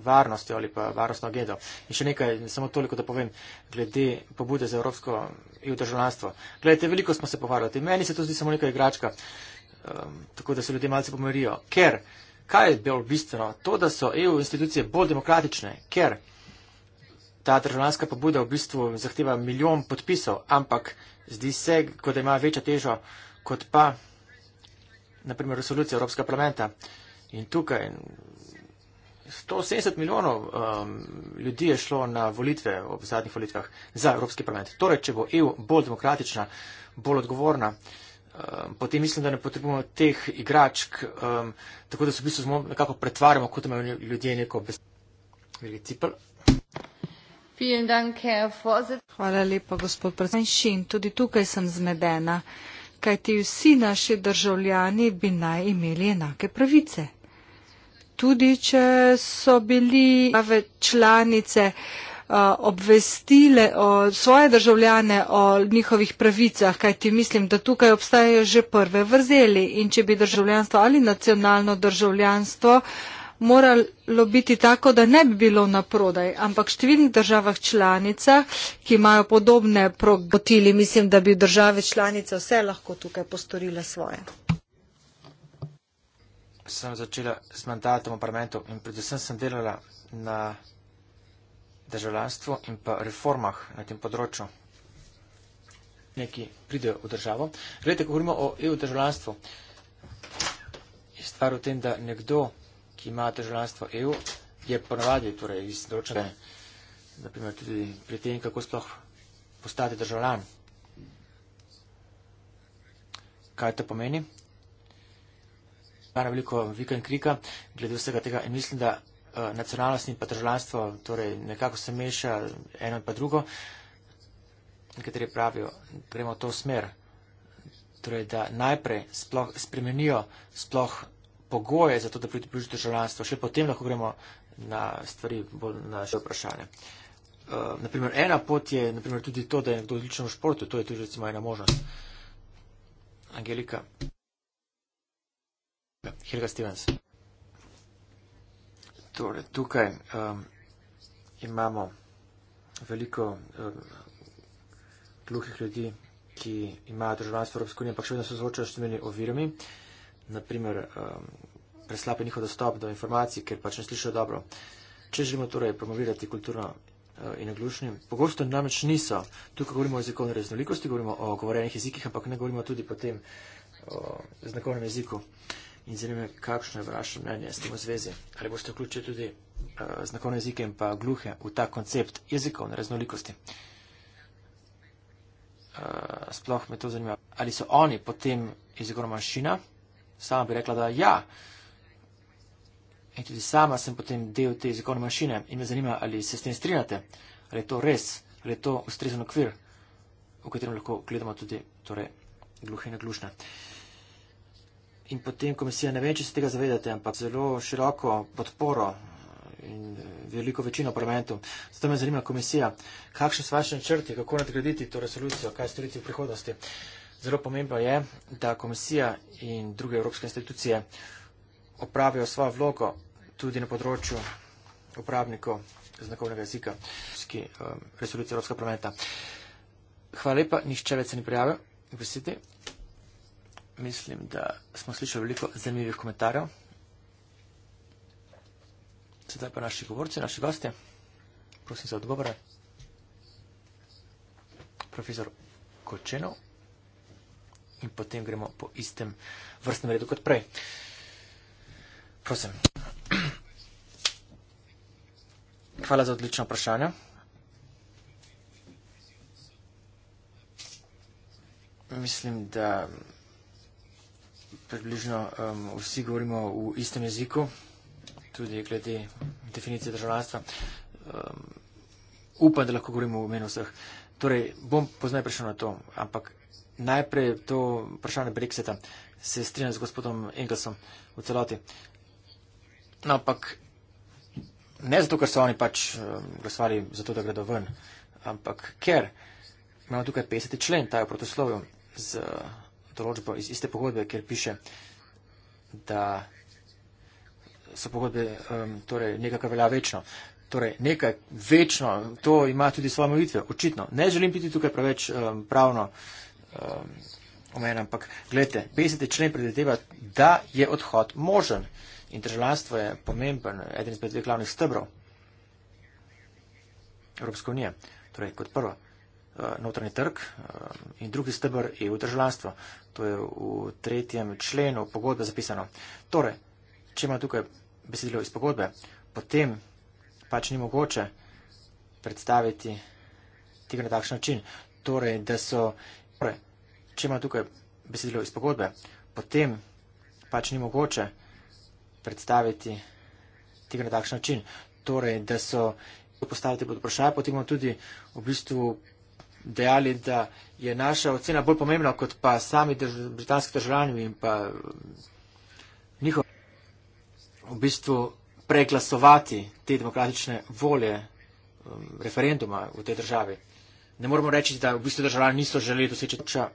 varnostjo ali pa varnostno agendo. In še nekaj, samo toliko, da povem, glede pobude za evropsko EU državljanstvo. Gledajte, veliko smo se pogovarjali. Meni se to zdi samo neka igračka, um, tako da se ljudje malce pomirijo. Ker, kaj je bilo bistveno? To, da so EU institucije bolj demokratične, ker ta državljanska pobuda v bistvu zahteva milijon podpisov, ampak zdi se, kot da ima večjo težo, kot pa, naprimer, resolucija Evropskega parlamenta. In tukaj 170 milijonov um, ljudi je šlo na volitve ob zadnjih volitvah za Evropski parlament. Torej, če bo EU bolj demokratična, bolj odgovorna, um, potem mislim, da ne potrebujemo teh igračk, um, tako da se v bistvu nekako pretvarjamo, kot da imajo ljudje neko veliko cipel. Hvala lepa, gospod predsednik. In tudi tukaj sem zmedena, kajti vsi naši državljani bi naj imeli enake pravice tudi če so bili nove članice uh, obvestile o svoje državljane o njihovih pravicah, kajti mislim, da tukaj obstajajo že prve vrzeli in če bi državljanstvo ali nacionalno državljanstvo moralo biti tako, da ne bi bilo na prodaj, ampak v številnih državah članicah, ki imajo podobne progotili, mislim, da bi države članice vse lahko tukaj postorile svoje sem začela z mandatom v parlamentu in predvsem sem delala na državljanstvu in pa reformah na tem področju. Neki pridejo v državo. Gledajte, ko govorimo o EU državljanstvu, je stvar v tem, da nekdo, ki ima državljanstvo EU, je ponavadi, torej iz določene, naprimer tudi pri tem, kako sploh postati državljan. Kaj to pomeni? Hvala veliko vika in krika glede vsega tega in mislim, da uh, nacionalnost in državljanstvo torej nekako se meša eno in pa drugo. Nekateri pravijo, gremo v to smer, torej, da najprej sploh spremenijo sploh pogoje za to, da pridobi državljanstvo, še potem lahko gremo na stvari bolj na še vprašanje. Uh, eh, naprimer, ena pot je naprimer, tudi to, da je nekdo odličen v športu, to je tudi recimo ena možnost. Angelika. Helga Stevens. Torej, tukaj um, imamo veliko um, gluhih ljudi, ki imajo državljanstvo Evropske unije, ampak še vedno se soočajo s temeljnimi ovirami, naprimer um, preslab je njihov dostop do informacij, ker pač ne slišijo dobro. Če želimo torej promovirati kulturno uh, in naglušnje, pogosto namreč niso. Tukaj govorimo o jezikovni raznolikosti, govorimo o govorjenih jezikih, ampak ne govorimo tudi potem o znakovnem jeziku. Uh, In zanima, kakšno je vaše mnenje s tem v zvezi? Ali boste vključili tudi uh, znakovne jezike in pa gluhe v ta koncept jezikovne raznolikosti? Uh, sploh me to zanima, ali so oni potem jezikovna manjšina? Sama bi rekla, da ja. In tudi sama sem potem del te jezikovne manjšine in me zanima, ali se s tem strinjate, ali je to res, ali je to ustrezen okvir, v katerem lahko gledamo tudi torej, gluhe in naglušne. Uh, In potem komisija, ne vem, če se tega zavedate, ampak zelo široko podporo in veliko večino v parlamentu. Zato me zanima komisija, kakšne so vaše načrti, kako nadgraditi to resolucijo, kaj storiti v prihodnosti. Zelo pomembno je, da komisija in druge evropske institucije opravijo svojo vlogo tudi na področju uporabnikov znakovnega jezika, ki je um, resolucija Evropskega parlamenta. Hvala lepa, nihče več se ni prijavil. Vesite mislim, da smo slišali veliko zanimivih komentarjev. Sedaj pa naši govorci, naši gostje. Prosim za odgovore. Profesor Kočenov. In potem gremo po istem vrstnem redu kot prej. Prosim. Hvala za odlično vprašanje. Mislim, da približno um, vsi govorimo v istem jeziku, tudi glede definicije državljanstva. Um, upam, da lahko govorimo v imenu vseh. Torej, bom poznaj prišel na to, ampak najprej to vprašanje Brexita. Se strinjam z gospodom Engelsom v celoti. No, ampak ne zato, ker so oni pač um, glasovali za to, da gredo ven, ampak ker imamo tukaj 50. člen, ta je v protoslovju z. Uh, določbo iz iste pogodbe, kjer piše, da so pogodbe um, torej nekaj, kar velja večno. Torej, nekaj večno, to ima tudi svoje molitve, očitno. Ne želim biti tukaj preveč um, pravno um, omejen, ampak gledajte, 50. člen predvideva, da je odhod možen in državljanstvo je pomemben, eden izmed dveh glavnih stebrov Evropske unije. Torej, kot prvo. Eh, notranji trg eh, in drugi stebr EU državljanstvo. To je v tretjem členu pogodbe zapisano. Torej, če ima tukaj besedilo iz pogodbe, potem pač ni mogoče predstaviti tega na takšen način. Torej, da so, torej, če ima tukaj besedilo iz pogodbe, potem pač ni mogoče predstaviti tega na takšen način. Torej, da so postaviti pod vprašaj, potem imamo tudi v bistvu dejali, da je naša ocena bolj pomembna kot pa sami drž britanski državljani in pa njihov v bistvu preglasovati te demokratične volje um, referenduma v tej državi. Ne moramo reči, da v bistvu državljani niso želeli doseči toča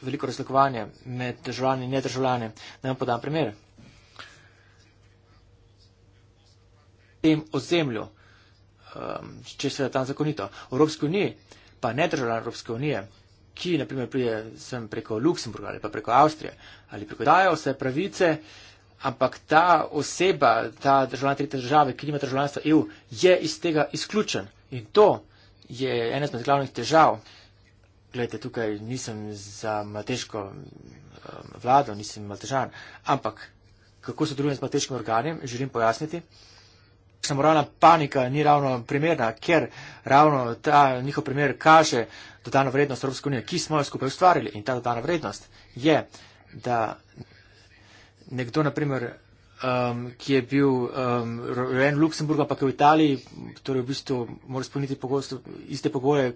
veliko razlikovanje med državljani in nedržavljani. Naj vam podam primer. Tem ozemlju um, če se je tam zakonito. V Evropski uniji pa ne državljan Evropske unije, ki naprimer pride sem preko Luksemburga ali pa preko Avstrije ali preko dajo vse pravice, ampak ta oseba, ta državljan tretje države, ki nima državljanstva EU, je iz tega izključen. In to je ena izmed glavnih težav. Glede, tukaj nisem za mateško um, vlado, nisem maltežan, ampak kako se družim z mateškim organem, želim pojasniti. Vsa moralna panika ni ravno primerna, ker ravno ta njihov primer kaže dodano vrednost Evropske unije, ki smo jo skupaj ustvarili. In ta dodana vrednost je, da nekdo, naprimer, um, ki je bil um, rojen v Luksemburgu, ampak je v Italiji, torej v bistvu mora spolniti pogosto iste pogoje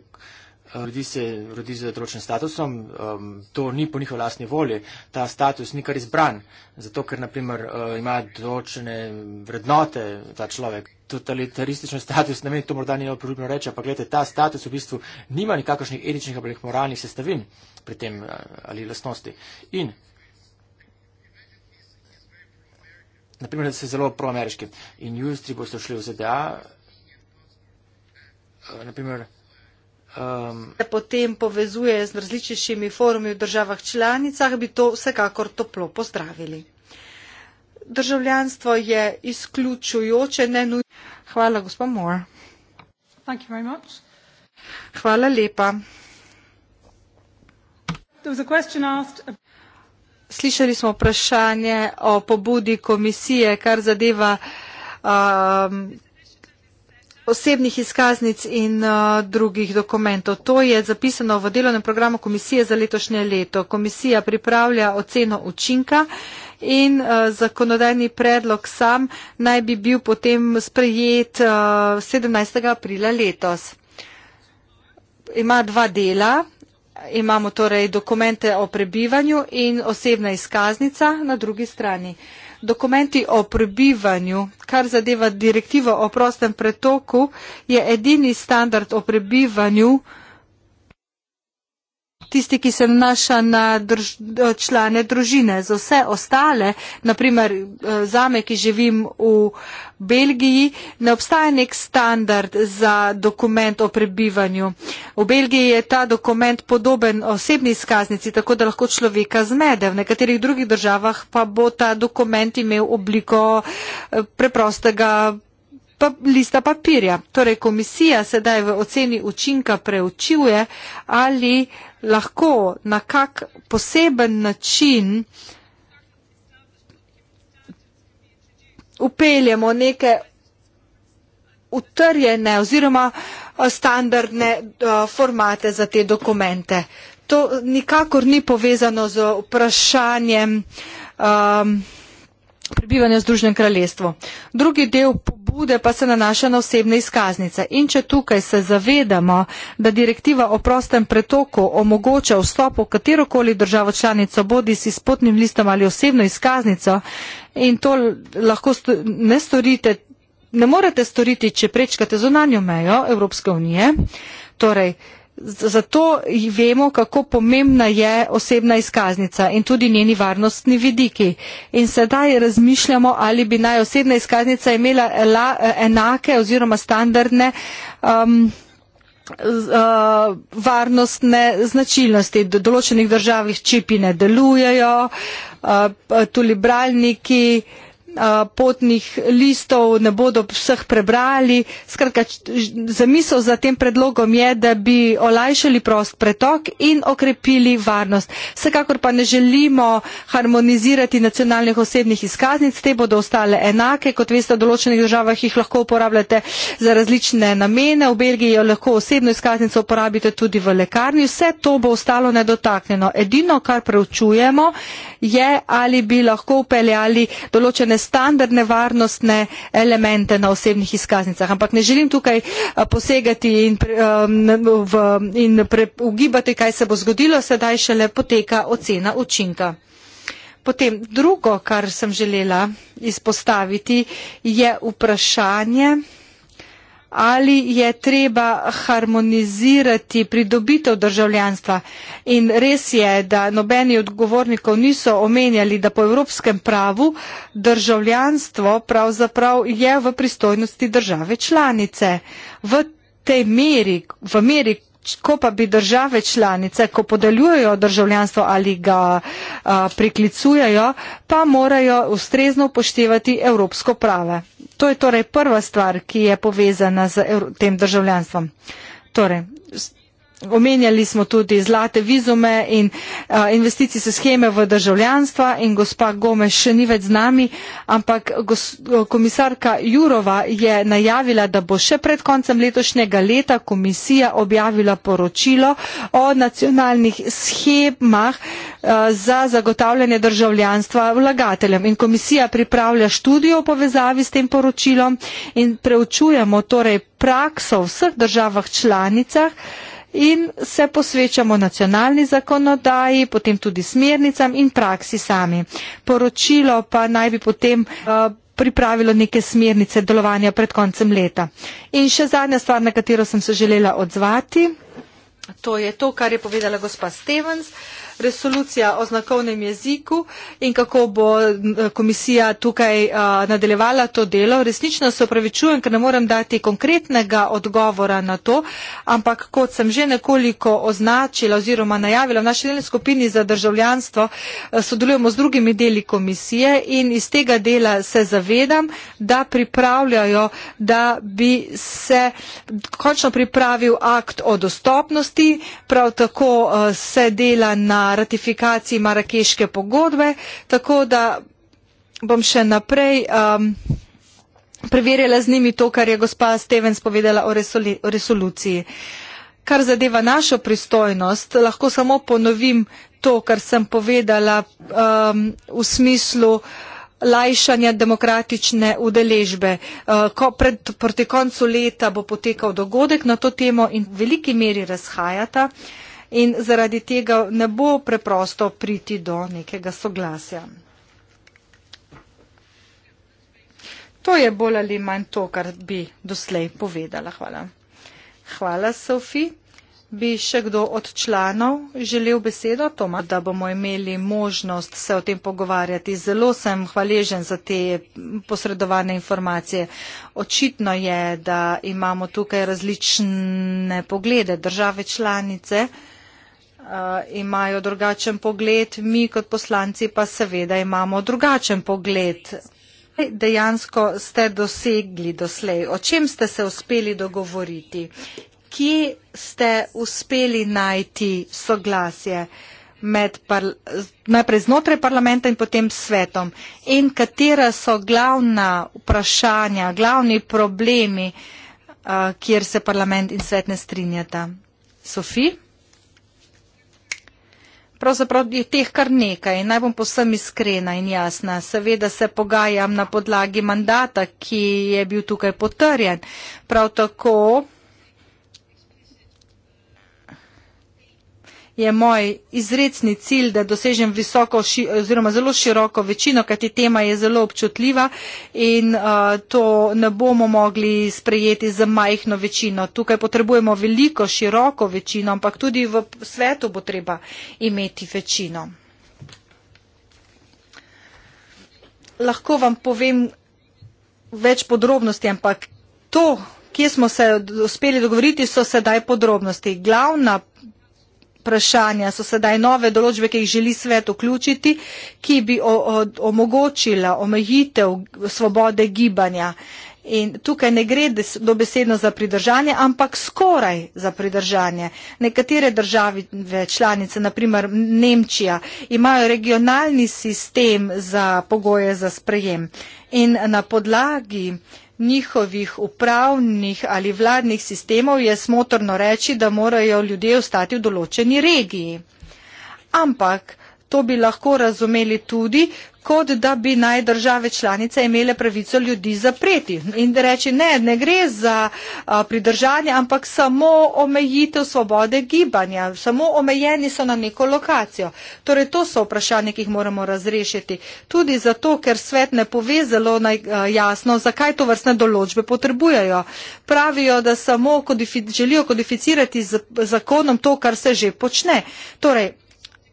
Eh, rodi se rodi z določenim statusom, um, to ni po njihovi lastni volji, ta status ni kar izbran, zato ker naprimer uh, eh, ima določene vrednote ta človek. Totalitaristični status, na meni to morda ni oprobno reči, ampak gledajte, ta status v bistvu nima nikakršnih etičnih ali moralnih sestavin pri tem uh, ali lasnosti. In Naprimer, da se zelo proameriški in justri boste šli v ZDA, naprimer, Um, potem povezuje z različnejšimi forumi v državah članicah, bi to vsekakor toplo pozdravili. Državljanstvo je izključujoče, ne nujno. Hvala, gospod Moore. Thank you very much. Hvala lepa. Slišali smo vprašanje o pobudi komisije, kar zadeva um, osebnih izkaznic in uh, drugih dokumentov. To je zapisano v delovnem programu komisije za letošnje leto. Komisija pripravlja oceno učinka in uh, zakonodajni predlog sam naj bi bil potem sprejet uh, 17. aprila letos. Ima dva dela. Imamo torej dokumente o prebivanju in osebna izkaznica na drugi strani. Uh, dokumenti o prebivanju, kar zadeva direktivo o prostem pretoku, je edini standard o prebivanju, tisti, ki se nanaša na drž, člane družine. Za vse ostale, naprimer eh, za me, ki živim v Belgiji, ne obstaja nek standard za dokument o prebivanju. V Belgiji je ta dokument podoben osebni izkaznici, tako da lahko človeka zmede. V nekaterih drugih državah pa bo ta dokument imel obliko eh, preprostega. Pa lista papirja. Torej, komisija sedaj v oceni učinka preučuje, ali uh, lahko na kak poseben način upeljemo neke utrjene oziroma eh, standardne eh, formate za te dokumente. To nikakor ni povezano z vprašanjem um, prebivanja v Združenem kraljestvu. Drugi del pobude pa se nanaša na osebne izkaznice. In če tukaj se zavedamo, da direktiva o prostem pretoku omogoča vstop v katerokoli državo članico, bodi si s potnim listom ali osebno izkaznico, in to lahko ne storite, ne morete storiti, če prečkate zunanjo mejo Evropske unije, torej zato vemo, kako pomembna je osebna izkaznica in tudi njeni varnostni vidiki. In sedaj razmišljamo, ali bi naj osebna izkaznica imela enake oziroma standardne um, uh, varnostne značilnosti. V določenih državah čipi ne delujejo, uh, tudi bralniki potnih listov, ne bodo vseh prebrali. Skratka, zamisel za tem predlogom je, da bi olajšali prost pretok in okrepili varnost. Vsekakor pa ne želimo harmonizirati nacionalnih osebnih izkaznic, te bodo ostale enake. Kot veste, v določenih državah jih lahko uporabljate za različne namene. V Belgiji jo lahko osebno izkaznico uporabite tudi v lekarni. Vse to bo ostalo nedotaknjeno. Edino, kar preučujemo, je, ali bi lahko upeljali določene standardne varnostne elemente na osebnih izkaznicah. Ampak ne želim tukaj eh, posegati in, v, in pre, ugibati, kaj se bo zgodilo, sedaj šele poteka ocena učinka. Potem drugo, kar sem želela izpostaviti, je vprašanje, ali je treba harmonizirati pridobitev državljanstva. In res je, da nobeni odgovornikov niso omenjali, da po evropskem pravu državljanstvo pravzaprav je v pristojnosti države članice. V tej meri, v meri, ko pa bi države članice, ko podeljujejo državljanstvo ali ga a, priklicujejo, pa morajo ustrezno upoštevati evropsko prave. To je torej prva stvar, ki je povezana z tem državljanstvom. Torej, omenjali smo tudi zlate vizume in investicijske scheme v državljanstva in gospa Gomez še ni več z nami, ampak komisarka Jurova je najavila, da bo še pred koncem letošnjega leta komisija objavila poročilo o nacionalnih schemah za zagotavljanje državljanstva vlagateljem. In komisija pripravlja študijo v povezavi s tem poročilom in preučujemo torej prakso v vseh državah članicah, in se posvečamo nacionalni zakonodaji, potem tudi smernicam in praksi sami. Poročilo pa naj bi potem eh, pripravilo neke smernice delovanja pred koncem leta. In še zadnja stvar, na katero sem se želela odzvati, to je to, kar je povedala gospa Stevens resolucija o znakovnem jeziku in kako bo eh, komisija tukaj eh, nadaljevala to delo. Resnično se opravičujem, ker ne morem dati konkretnega odgovora na to, ampak kot sem že nekoliko označila oziroma najavila, v naši delni skupini za državljanstvo eh, sodelujemo z drugimi deli komisije in iz tega dela se zavedam, da pripravljajo, da bi se končno pripravil akt o dostopnosti, prav tako se dela na ratifikaciji marakeške pogodbe, tako da bom še naprej um, preverjala z njimi to, kar je gospa Stevens povedala o, resoli, o resoluciji. Kar zadeva našo pristojnost, lahko samo ponovim to, kar sem povedala um, v smislu lajšanja demokratične udeležbe. Uh, ko pred, proti koncu leta bo potekal dogodek na to temo in v veliki meri razhajata. Uh, in zaradi tega ne bo preprosto priti do nekega soglasja. To je bolj ali manj to, kar bi doslej povedala. Hvala. Hvala, Sofi. Bi še kdo od članov želel besedo, Toma, da bomo imeli možnost se o tem pogovarjati. Zelo sem hvaležen za te posredovane informacije. Očitno je, da imamo tukaj različne poglede države članice. Eh, imajo drugačen pogled, mi kot poslanci pa seveda imamo drugačen pogled. Kaj dejansko ste dosegli doslej? O čem ste se uspeli dogovoriti? Kje ste uspeli najti soglasje med par, najprej znotraj parlamenta in potem svetom? In katera so glavna vprašanja, glavni problemi, uh, kjer se parlament in svet ne strinjata? Sofi? Pravzaprav je teh kar nekaj. Naj bom posem iskrena in jasna. Seveda se pogajam na podlagi mandata, ki je bil tukaj potrjen. Prav tako je moj izredni cilj, da dosežem visoko ši, oziroma zelo široko večino, kajti tema je zelo občutljiva in uh, to ne bomo mogli sprejeti z majhno večino. Tukaj potrebujemo veliko široko večino, ampak tudi v svetu bo treba imeti večino. Lahko vam povem več podrobnosti, ampak to, kje smo se uspeli dogovoriti, so sedaj podrobnosti. Glavna vprašanja, so sedaj nove določbe, ki jih želi svet vključiti, ki bi o, o, omogočila omejitev svobode gibanja. In tukaj ne gre dobesedno za pridržanje, ampak skoraj za pridržanje. Nekatere države članice, naprimer Nemčija, imajo regionalni sistem za pogoje za sprejem. In na podlagi uh, njihovih upravnih ali vladnih sistemov je smotrno reči, da morajo ljudje ostati v določeni regiji. Ampak to bi lahko razumeli tudi, kot da bi naj države članice imele pravico ljudi zapreti in reči ne, ne gre za a, pridržanje, ampak samo omejitev svobode gibanja, samo omejeni so na neko lokacijo. Torej, to so vprašanje, ki jih moramo razrešiti. Tudi zato, ker svet ne pove zelo naj, a, jasno, zakaj to vrstne določbe potrebujejo. Pravijo, da samo kodifi, želijo kodificirati z, zakonom to, kar se že počne. Torej,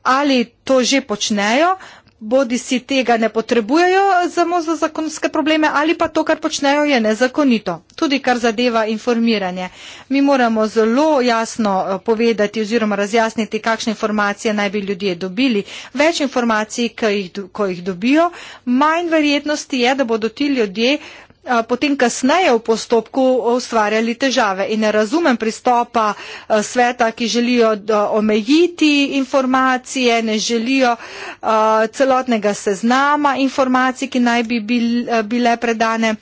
ali to že počnejo, bodi si tega ne potrebujejo samo za zakonske probleme ali pa to, kar počnejo, je nezakonito. Tudi kar zadeva informiranje. Mi moramo zelo jasno eh, povedati oziroma razjasniti, kakšne informacije naj bi ljudje dobili. Več informacij, ko jih, ko jih dobijo, manj verjetnosti je, da bodo ti ljudje potem kasneje v postopku ustvarjali težave. In ne razumem pristopa sveta, ki želijo omejiti informacije, ne želijo celotnega seznama informacij, ki naj bi bile predane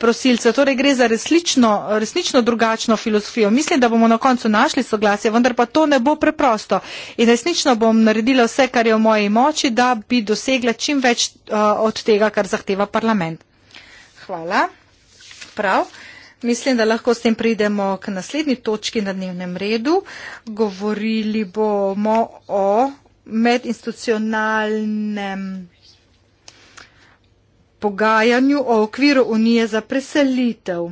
prosilce. Torej gre za resnično, resnično drugačno filozofijo. Mislim, da bomo na koncu našli soglasje, vendar pa to ne bo preprosto. In resnično bom naredila vse, kar je v moji moči, da bi dosegla čim več od tega, kar zahteva parlament. Hvala. Prav. Mislim, da lahko s tem pridemo k naslednji točki na dnevnem redu. Govorili bomo o medinstitucionalnem pogajanju o okviru Unije za preselitev.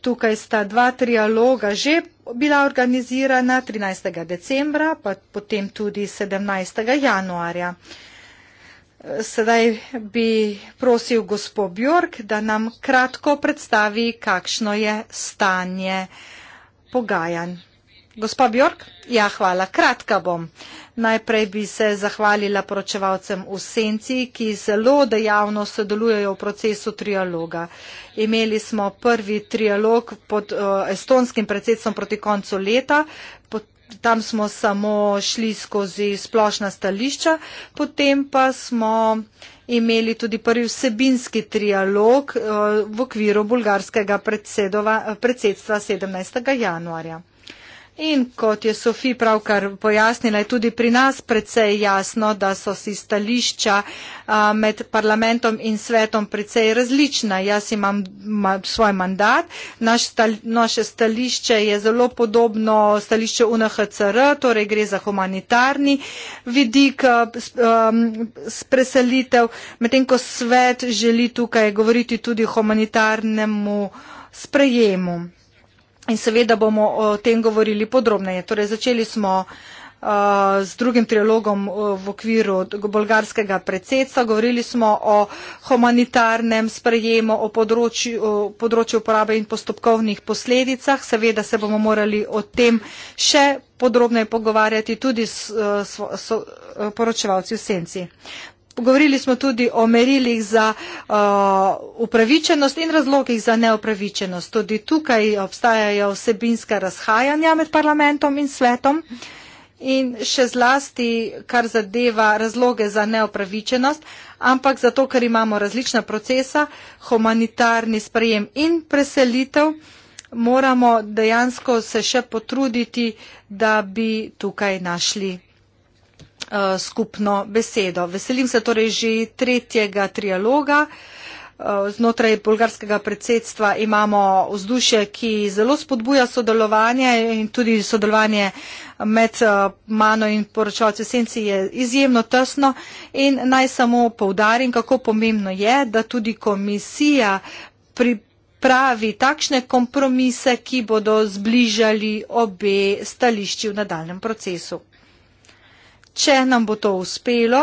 Tukaj sta dva trialoga že bila organizirana 13. decembra, pa potem tudi 17. januarja. Uh, Sedaj bi prosil gospod Bjork, da nam kratko predstavi, kakšno je stanje pogajanj. Gospa Bjork, ja, hvala, kratka bom. Najprej bi se zahvalila poročevalcem v Senci, ki zelo dejavno sodelujejo v procesu trialoga. Imeli smo prvi trialog pod uh, estonskim predsedstvom proti koncu leta, tam smo samo šli skozi splošna stališča, potem pa smo imeli tudi prvi vsebinski trialog eh, v okviru bulgarskega predsedstva 17. januarja. In kot je Sofi pravkar pojasnila, je tudi pri nas precej jasno, da so si stališča med parlamentom in svetom precej različna. Jaz imam svoj mandat, Naš stal, naše stališče je zelo podobno stališče UNHCR, torej gre za humanitarni vidik preselitev, medtem ko svet želi tukaj govoriti tudi o humanitarnemu sprejemu. In seveda bomo o tem govorili podrobneje. Torej, začeli smo uh, z drugim trilogom uh, v okviru bolgarskega predsedstva. Govorili smo o humanitarnem sprejemu, o področju, o področju uporabe in postopkovnih posledicah. Seveda se bomo morali o tem še podrobneje pogovarjati tudi s, uh, s, s uh, poročevalci v senci. Pogovorili smo tudi o merilih za uh, upravičenost in razlogih za neupravičenost. Tudi tukaj obstajajo vsebinska razhajanja med parlamentom in svetom. In še zlasti, kar zadeva razloge za neopravičenost, ampak zato, ker imamo različna procesa, humanitarni sprejem in preselitev, moramo dejansko se še potruditi, da bi tukaj našli Eh, skupno besedo. Veselim se torej že tretjega trialoga. Eh, znotraj bolgarskega predsedstva imamo vzdušje, ki zelo spodbuja sodelovanje in tudi sodelovanje med eh, mano in poročalci Senci je izjemno tesno in naj samo povdarim, kako pomembno je, da tudi komisija pri pravi takšne kompromise, ki bodo zbližali obe stališči v nadaljem procesu. Če nam bo to uspelo,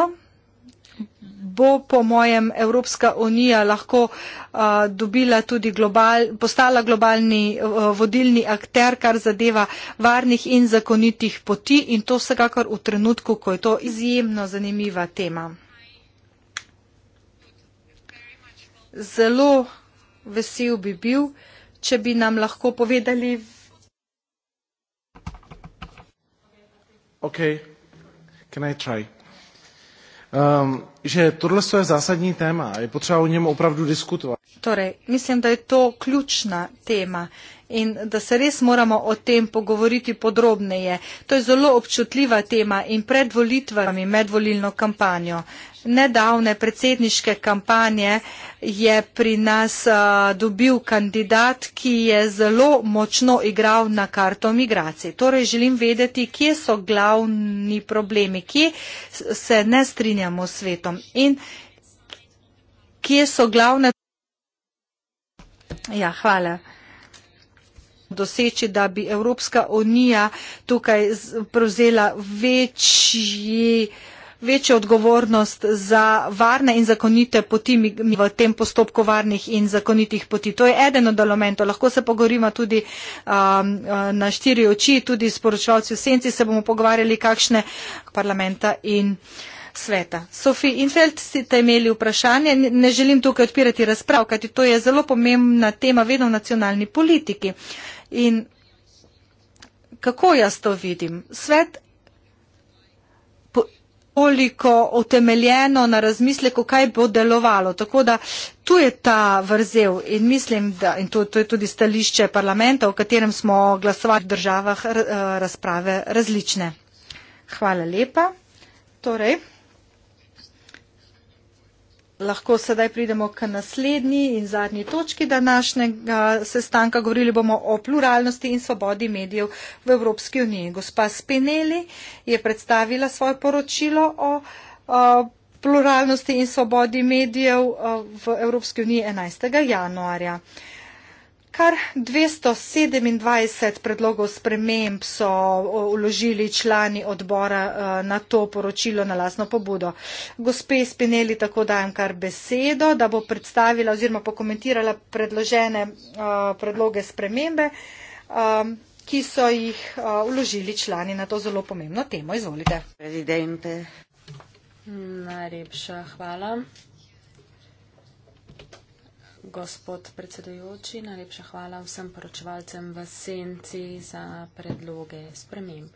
bo po mojem Evropska unija lahko uh, dobila tudi global, postala globalni uh, vodilni akter, kar zadeva varnih in zakonitih poti in to vsekakor v trenutku, ko je to izjemno zanimiva tema. Zelo vesel bi bil, če bi nam lahko povedali. Okay. Can I try? Um, že tohle je zásadní téma a je potřeba o něm opravdu diskutovat. Torej, myslím, da je to ključna tema in da se res moramo o tem pogovoriti podrobneje. To je zelo občutljiva tema in pred volitvami medvolilno kampanjo. Nedavne predsedniške kampanje je pri nas uh, dobil kandidat, ki je zelo močno igral na karto migracije. Torej želim vedeti, kje so glavni problemi, kje se ne strinjamo s svetom in kje so glavne. Ja, hvala doseči, da bi Evropska unija tukaj prevzela večji večjo odgovornost za varne in zakonite poti v tem postopku varnih in zakonitih poti. To je eden od elementov. Lahko se pogovorimo tudi um, uh, na štiri oči, tudi s poročevalci v senci se bomo pogovarjali, kakšne parlamenta in uh, sveta. Sofi Infeld, ste imeli vprašanje, ne želim tukaj odpirati razprav, kajti to je zelo pomembna tema vedno v nacionalni politiki. In kako jaz to vidim? Svet toliko utemeljeno na razmisleku, kaj bo delovalo. Tako da tu je ta vrzel in mislim, da, in to, to je tudi stališče parlamenta, o katerem smo glasovali v državah eh, razprave različne. Hvala lepa. Torej lahko sedaj pridemo k naslednji in zadnji točki današnjega sestanka. Govorili bomo o pluralnosti in svobodi medijev v Evropski uniji. Gospa Spinelli je predstavila svoje poročilo o, o pluralnosti in svobodi medijev v Evropski uniji 11. januarja. Kar 227 predlogov sprememb so uložili člani odbora e, na to poročilo na lasno pobudo. Gospe Spineli tako dajem kar besedo, da bo predstavila oziroma pokomentirala predložene e, predloge spremembe, e, ki so jih uložili člani na to zelo pomembno temo. Izvolite. Najlepša hvala. Gospod predsedujoči, najlepša hvala vsem poročevalcem v senci za predloge sprememb.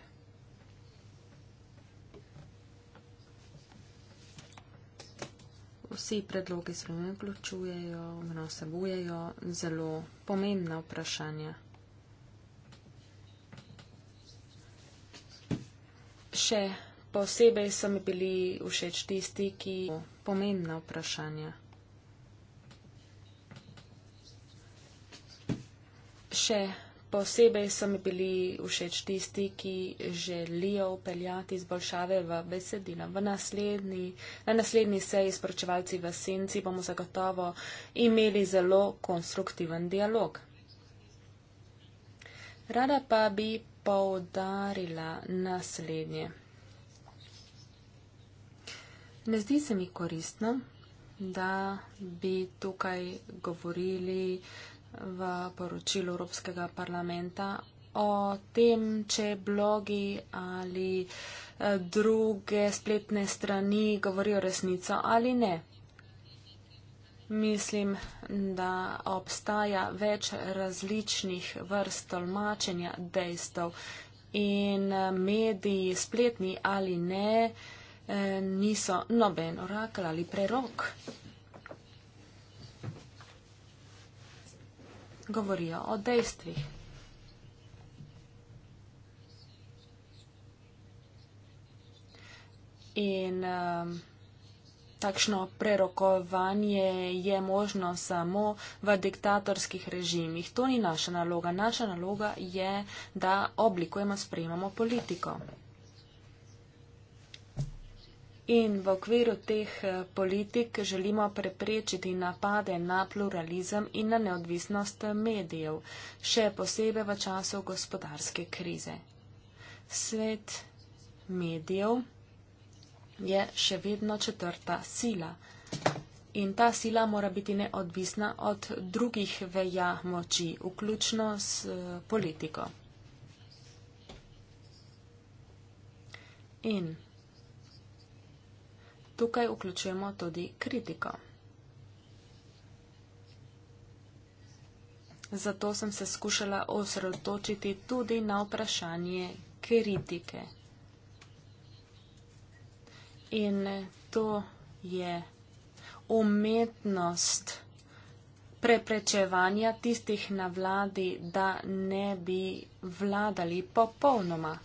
Vsi predlogi sprememb vključujejo, vnosebujejo zelo pomembna vprašanja. Še posebej so mi bili všeč tisti, ki pomembna vprašanja. še posebej so mi bili všeč tisti, ki želijo upeljati izboljšave v besedilo. V naslednji, na naslednji seji sporočevalci v senci bomo zagotovo imeli zelo konstruktiven dialog. Rada pa bi poudarila naslednje. Ne zdi se mi koristno, da bi tukaj govorili v poročilu Evropskega parlamenta o tem, če blogi ali eh, druge spletne strani govorijo resnico ali ne. Mislim, da obstaja več različnih vrst tolmačenja dejstev in eh, mediji spletni ali ne eh, niso noben orakel ali prerok. govorijo o dejstvih. In um, takšno prerokovanje je možno samo v diktatorskih režimih. To ni naša naloga. Naša naloga je, da oblikujemo, sprejemamo politiko in v okviru teh eh, politik želimo preprečiti napade na pluralizem in na neodvisnost eh, medijev, še posebej v času gospodarske krize. Svet medijev je še vedno četrta sila. In ta sila mora biti neodvisna od drugih veja moči, vključno s eh, politiko. In Tukaj vključujemo tudi kritiko. Zato sem se skušala osredotočiti tudi na vprašanje kritike. In to je umetnost preprečevanja tistih na vladi, da ne bi vladali popolnoma.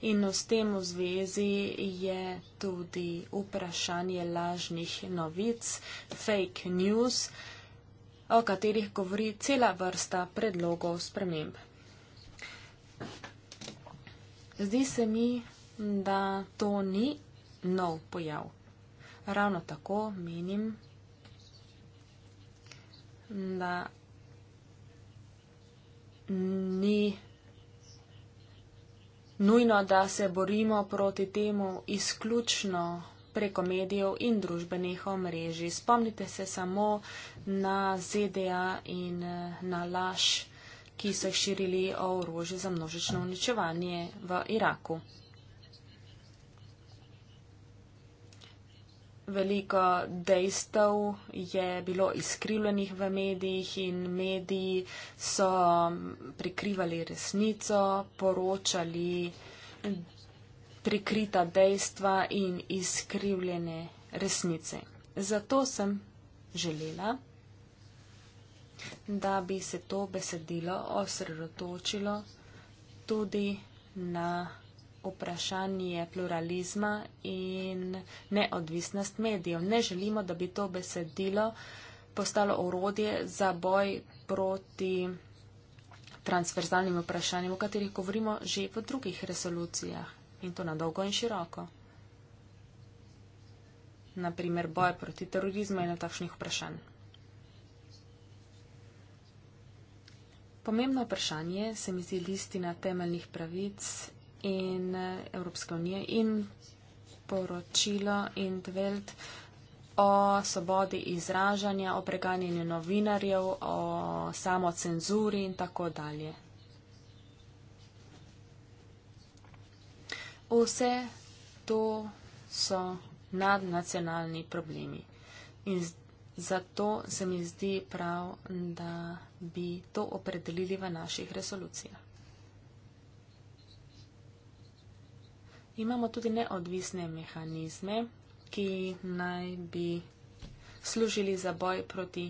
In s tem v zvezi je tudi vprašanje lažnih novic, fake news, o katerih govori cela vrsta predlogov sprememb. Zdi se mi, da to ni nov pojav. Ravno tako menim, da ni nujno, da se borimo proti temu izključno preko medijev in družbenih omrežij. Spomnite se samo na ZDA in eh, na laž, ki so jih širili o orožju za množično uničevanje v Iraku. Veliko dejstev je bilo izkrivljenih v medijih in mediji so prikrivali resnico, poročali prikrita dejstva in izkrivljene resnice. Zato sem želela, da bi se to besedilo osredotočilo tudi na vprašanje pluralizma in neodvisnost medijev. Ne želimo, da bi to besedilo postalo orodje za boj proti transverzalnim vprašanjem, o katerih govorimo že v drugih resolucijah in to na dolgo in široko. Naprimer, boj proti terorizmu in na takšnih vprašanj. Pomembno vprašanje se mi zdi listina temeljnih pravic in eh, Evropske unije in poročilo in tvelt o svobodi izražanja, o preganjanju novinarjev, o samocenzuri in tako dalje. Vse to so nadnacionalni problemi in zato se mi zdi prav, da bi to opredelili v naših resolucijah. imamo tudi neodvisne mehanizme, ki naj bi služili za boj proti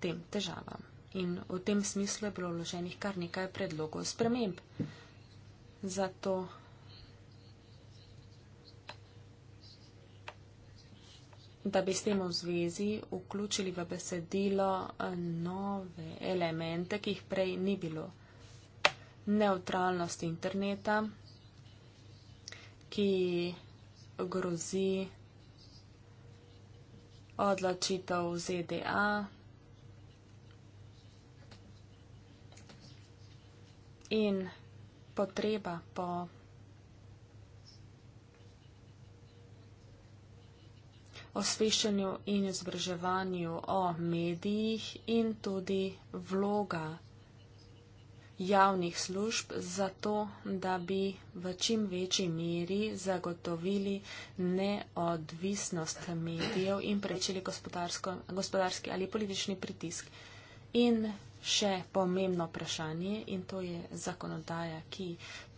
tem težavam. In v tem smislu je bilo vloženih kar nekaj predlogov sprememb. Zato da bi s tem v zvezi vključili v besedilo eh, nove elemente, ki jih prej ni bilo. Neutralnost interneta, ki grozi odločitev ZDA. In potreba po osveščanju in izobraževanju o medijih, in tudi vloga javnih služb, zato da bi v čim večji meri zagotovili neodvisnost medijev in prečili gospodarski ali politični pritisk. In še pomembno vprašanje, in to je zakonodaja, ki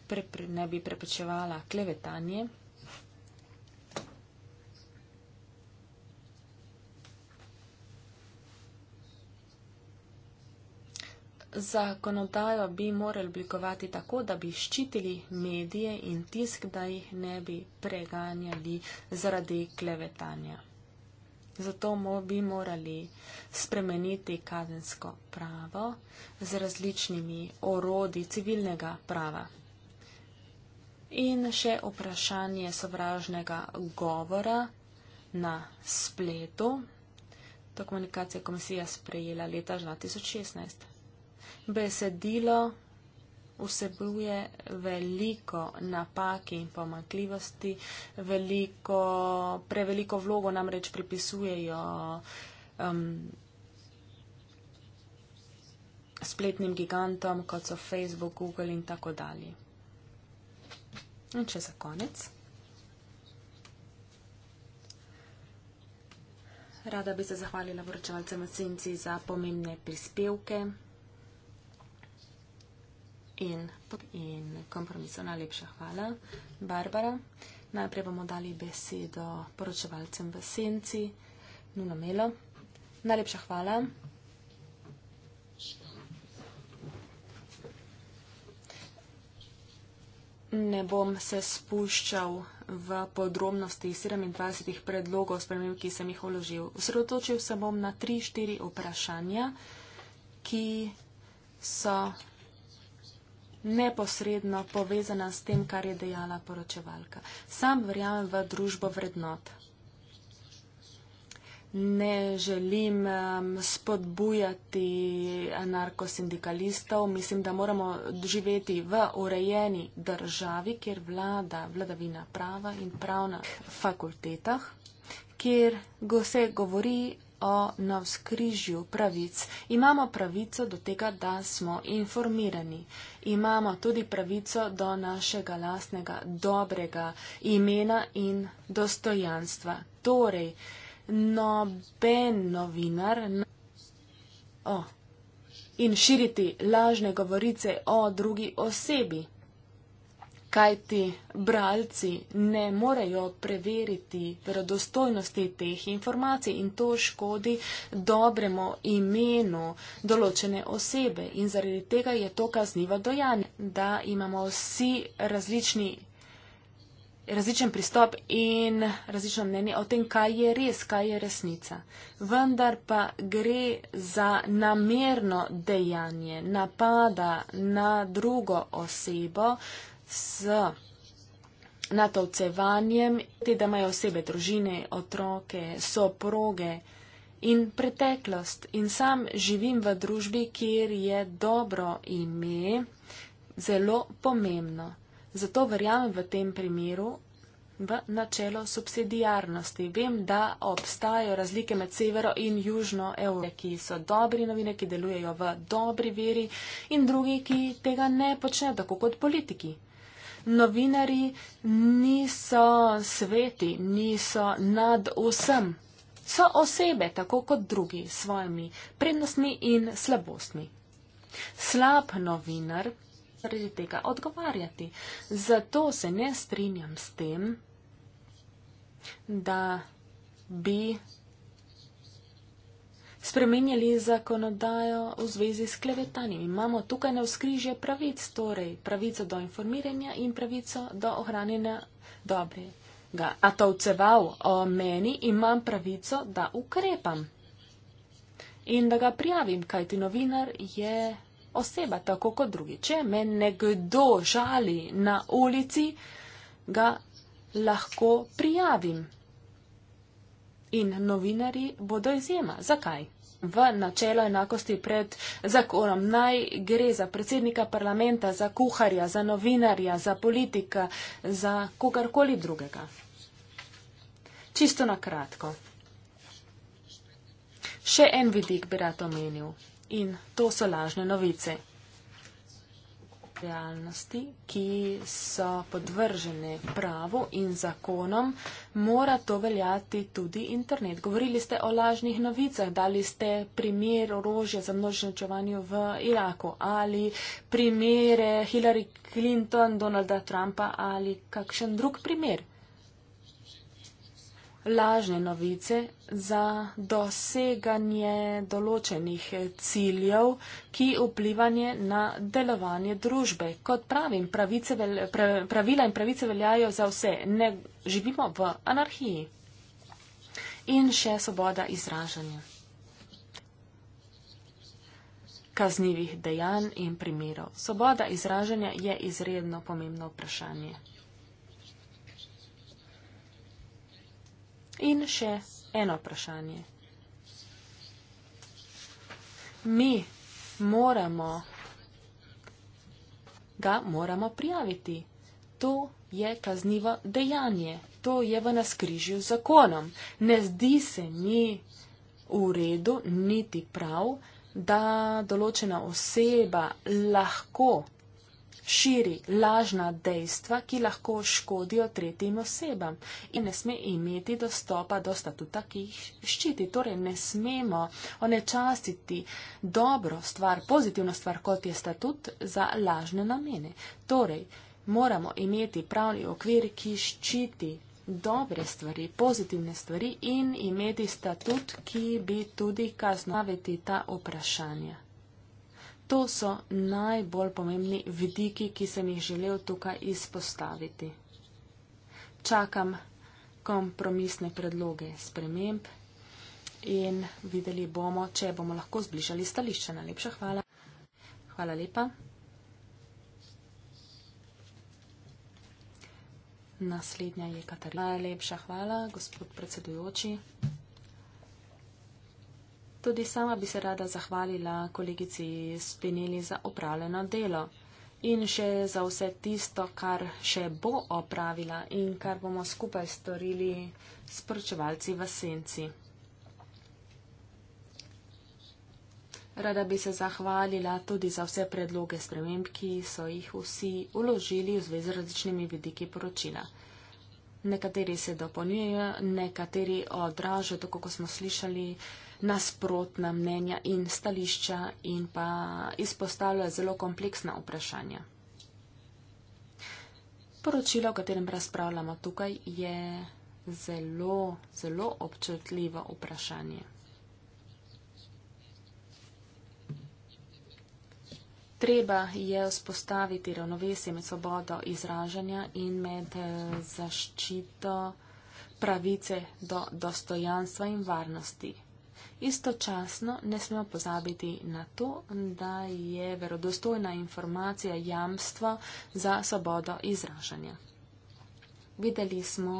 pre, pre, ne bi preprečevala klevetanje. zakonodajo bi morali oblikovati tako, da bi ščitili medije in tisk, da jih ne bi preganjali zaradi klevetanja. Zato bi morali spremeniti kazensko pravo z različnimi orodi civilnega prava. In še vprašanje sovražnega govora na spletu. To komunikacija komisija sprejela leta 2016 besedilo vsebuje veliko napak in pomakljivosti, veliko, preveliko vlogo namreč pripisujejo um, spletnim gigantom, kot so Facebook, Google in tako dalje. In če za konec. Rada bi se zahvalila vrčevalcem v senci za pomembne prispevke in, in kompromisov. Najlepša hvala, Barbara. Najprej bomo dali besedo poročevalcem v senci, Nuno Melo. Najlepša hvala. Ne bom se spuščal v podrobnosti 27 predlogov sprememb, ki sem jih uložil. Usredotočil se bom na 3-4 vprašanja, ki so neposredno povezana s tem, kar je dejala poročevalka. Sam verjamem v družbo vrednot. Ne želim um, spodbujati narkosindikalistov. Mislim, da moramo živeti v urejeni državi, kjer vlada vladavina prava in prav na fakultetah, kjer go se govori o navskrižju pravic. Imamo pravico do tega, da smo informirani. Imamo tudi pravico do našega lastnega dobrega imena in dostojanstva. Torej, noben novinar. Oh, in širiti lažne govorice o drugi osebi kajti bralci ne morejo preveriti verodostojnosti teh informacij in to škodi dobremu imenu določene osebe in zaradi tega je to kaznivo dojanje, da imamo vsi različni različen pristop in različno mnenje o tem, kaj je res, kaj je resnica. Vendar pa gre za namerno dejanje napada na drugo osebo, z natovcevanjem, te, da imajo osebe družine, otroke, soproge in preteklost. In sam živim v družbi, kjer je dobro ime zelo pomembno. Zato verjamem v tem primeru v načelo subsidijarnosti. Vem, da obstajajo razlike med severo in južno Evropo, ki so dobri novine, ki delujejo v dobri veri in drugi, ki tega ne počnejo, tako kot politiki novinari niso sveti, niso nad vsem. So osebe, tako kot drugi, s svojimi prednostmi in slabostmi. Slab novinar zaradi tega odgovarjati. Zato se ne strinjam s tem, da bi spremenjali zakonodajo v zvezi s klevetanjem. Imamo tukaj na vzkrižje pravic, torej pravico do informiranja in pravico do ohranjena dobrega. A to vceval o meni, imam pravico, da ukrepam in da ga prijavim, kajti novinar je oseba, tako kot drugi. Če me nekdo žali na ulici, ga lahko prijavim in novinari bodo izjema. Zakaj? V načelo enakosti pred zakonom naj gre za predsednika parlamenta, za kuharja, za novinarja, za politika, za kogarkoli drugega. Čisto na kratko. Še en vidik bi rad omenil in to so lažne novice realnosti, ki so podvržene pravu in zakonom, mora to veljati tudi internet. Govorili ste o lažnih novicah, dali ste primer orožja za množično čovanje v Iraku ali primere Hillary Clinton, Donalda Trumpa ali kakšen drug primer lažne novice za doseganje določenih ciljev, ki vplivanje na delovanje družbe. Kot pravim, pravice, pravila in pravice veljajo za vse. Ne živimo v anarhiji. In še svoboda izražanja kaznivih dejanj in primerov. Svoboda izražanja je izredno pomembno vprašanje. In še eno vprašanje. Mi moramo, ga moramo prijaviti. To je kaznivo dejanje. To je v naskrižju z zakonom. Ne zdi se mi v redu, niti prav, da določena oseba lahko širi lažna dejstva, ki lahko škodijo tretjim osebam in ne sme imeti dostopa do statuta, ki jih ščiti. Torej, ne smemo onečastiti dobro stvar, pozitivno stvar, kot je statut za lažne namene. Torej, moramo imeti pravni okvir, ki ščiti dobre stvari, pozitivne stvari in imeti statut, ki bi tudi kaznaviti ta vprašanja. To so najbolj pomembni vidiki, ki sem jih želel tukaj izpostaviti. Čakam kompromisne predloge sprememb in videli bomo, če bomo lahko zbližali stališče. Najlepša hvala. Hvala lepa. Naslednja je Katarina. Najlepša hvala, gospod predsedujoči. Tudi sama bi se rada zahvalila kolegici Spinelli za opravljeno delo in še za vse tisto, kar še bo opravila in kar bomo skupaj storili s pročevalci v senci. Rada bi se zahvalila tudi za vse predloge sprememb, ki so jih vsi uložili v zvezi z različnimi vidiki poročila. Nekateri se dopolnjujejo, nekateri odražajo, tako kot smo slišali, eh, nasprotna mnenja in stališča in pa izpostavlja zelo kompleksna vprašanja. Poročilo, o katerem razpravljamo tukaj, je zelo, zelo občutljivo vprašanje. Treba je vzpostaviti ravnovesje med svobodo izražanja in med eh, zaščito pravice do dostojanstva in varnosti. Istočasno ne smemo pozabiti na to, da je verodostojna informacija jamstvo za svobodo izražanja. Videli smo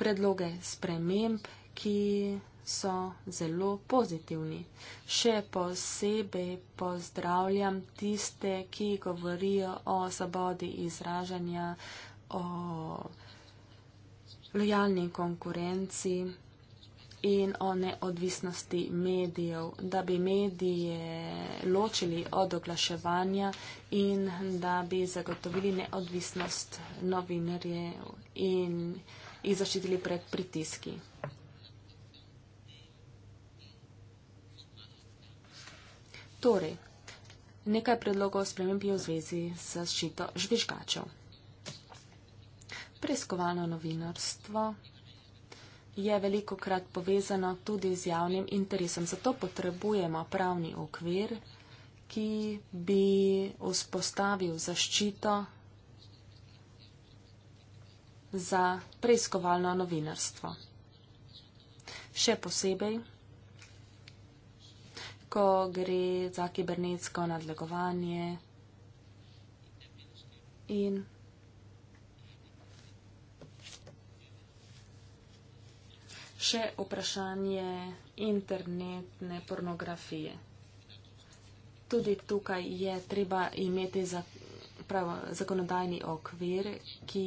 predloge sprememb, ki so zelo pozitivni. Še posebej pozdravljam tiste, ki govorijo o svobodi izražanja, o lojalni konkurenci, in o neodvisnosti medijev, da bi medije ločili od oglaševanja in da bi zagotovili neodvisnost novinarjev in jih zaščitili pred pritiski. Torej, nekaj predlogov sprememb je v zvezi s zaščito žvižgačev. Preiskovalno novinarstvo je veliko krat povezano tudi z javnim interesom. Zato potrebujemo pravni okvir, ki bi vzpostavil zaščito za preiskovalno novinarstvo. Še posebej, ko gre za kibernetsko nadlegovanje in še vprašanje internetne pornografije. Tudi tukaj je treba imeti zakonodajni okvir, ki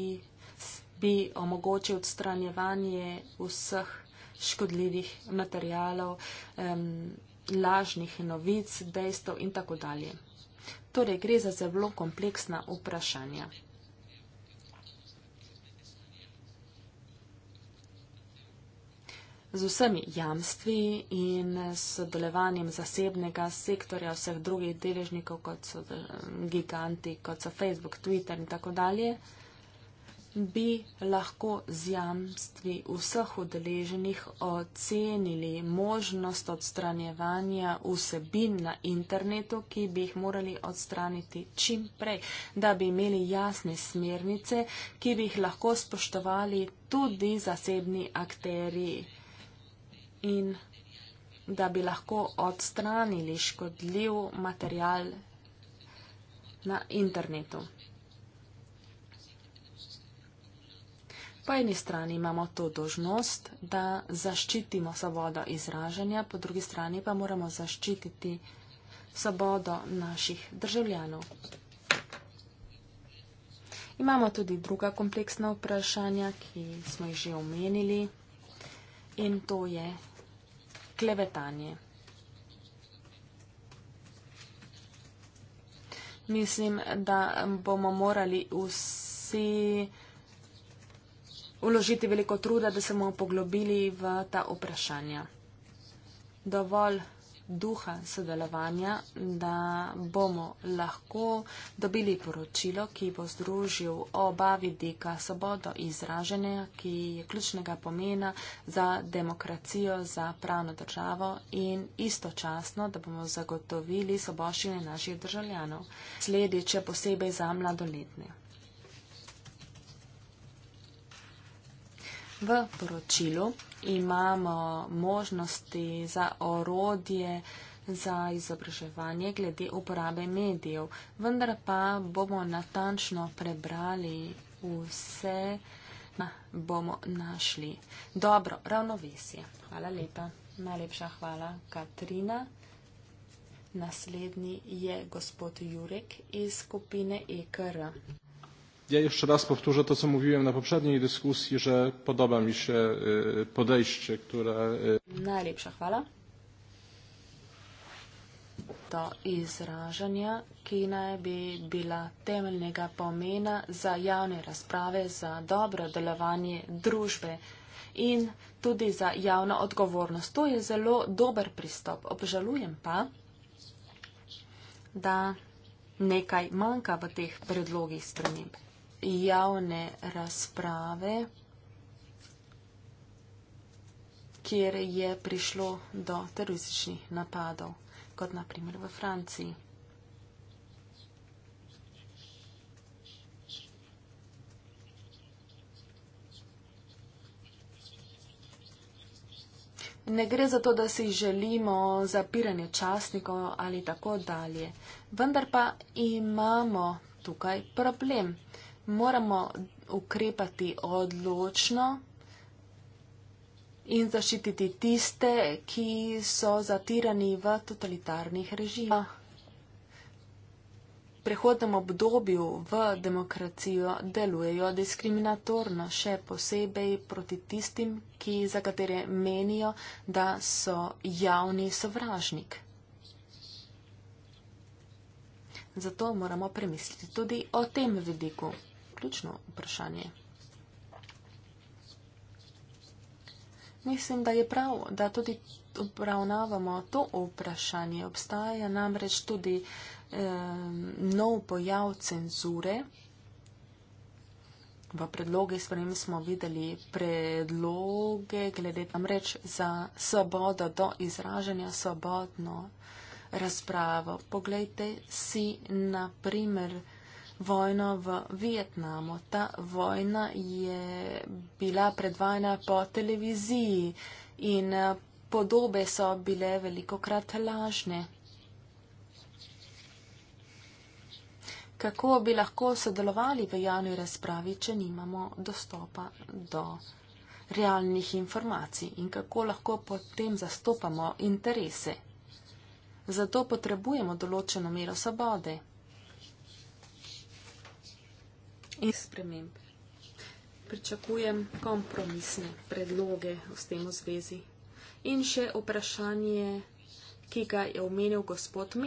bi omogočil odstranjevanje vseh škodljivih materijalov, lažnih novic, dejstev in tako dalje. Torej gre za zelo kompleksna vprašanja. z vsemi jamstvi in sodelovanjem zasebnega sektorja vseh drugih deležnikov, kot so eh, giganti, kot so Facebook, Twitter in tako dalje, bi lahko z jamstvi vseh udeleženih ocenili možnost odstranjevanja vsebin na internetu, ki bi jih morali odstraniti čim prej, da bi imeli jasne smernice, ki bi jih lahko spoštovali tudi zasebni akteriji in da bi lahko odstranili škodljiv material na internetu. Po eni strani imamo to dožnost, da zaščitimo svobodo izražanja, po drugi strani pa moramo zaščititi svobodo naših državljanov. Imamo tudi druga kompleksna vprašanja, ki smo jih že omenili, in to je klevetanje. Mislim, da bomo morali vsi uložiti veliko truda, da se bomo poglobili v ta vprašanja. Dovolj duha sodelovanja, da bomo lahko dobili poročilo, ki bo združil oba vidika svobodo izražanja, ki je ključnega pomena za demokracijo, za pravno državo in istočasno, da bomo zagotovili soboščine naših državljanov, sledeče posebej za mladoletne. V poročilu imamo možnosti za orodje za izobraževanje glede uporabe medijev, vendar pa bomo natančno prebrali vse, na, bomo našli. Dobro, ravnovesje. Hvala lepa. Najlepša hvala, Katrina. Naslednji je gospod Jurek iz skupine EKR. Ja jeszcze raz powtórzę to, co mówiłem na poprzedniej dyskusji, że podoba mi się podejście, które. Najlepsza chwala. To izražanje, ki naj bi bila temeljnega pomena za javne razprave, za dobro delovanje družbe in tudi za javno odgovornost. To je zelo dober pristop. Obžalujem pa, da nekaj manjka v teh predlogih sprememb javne razprave, kjer je prišlo do terorističnih napadov, kot naprimer v Franciji. Ne gre za to, da si želimo zapiranje časnikov ali tako dalje. Vendar pa imamo tukaj problem moramo ukrepati odločno in zaščititi tiste, ki so zatirani v totalitarnih režimah. V prehodnem obdobju v demokracijo delujejo diskriminatorno, še posebej proti tistim, ki, za katere menijo, da so javni sovražnik. Zato moramo premisliti tudi o tem vidiku ključno vprašanje. Mislim, da je prav, da tudi obravnavamo to vprašanje. Obstaja namreč tudi eh, nov pojav cenzure. V predloge sprem smo videli predloge glede tam reč za svobodo do izražanja, svobodno razpravo. Poglejte si, na primer, vojno v Vietnamu. Ta vojna je bila predvajana po televiziji in eh, podobe so bile veliko krat lažne. Kako bi lahko sodelovali v javni razpravi, če nimamo dostopa do realnih informacij in kako lahko potem zastopamo interese. Zato potrebujemo določeno mero svobode in sprememb. Pričakujem kompromisne predloge v tem v zvezi. In še vprašanje, ki ga je omenil gospod Mi.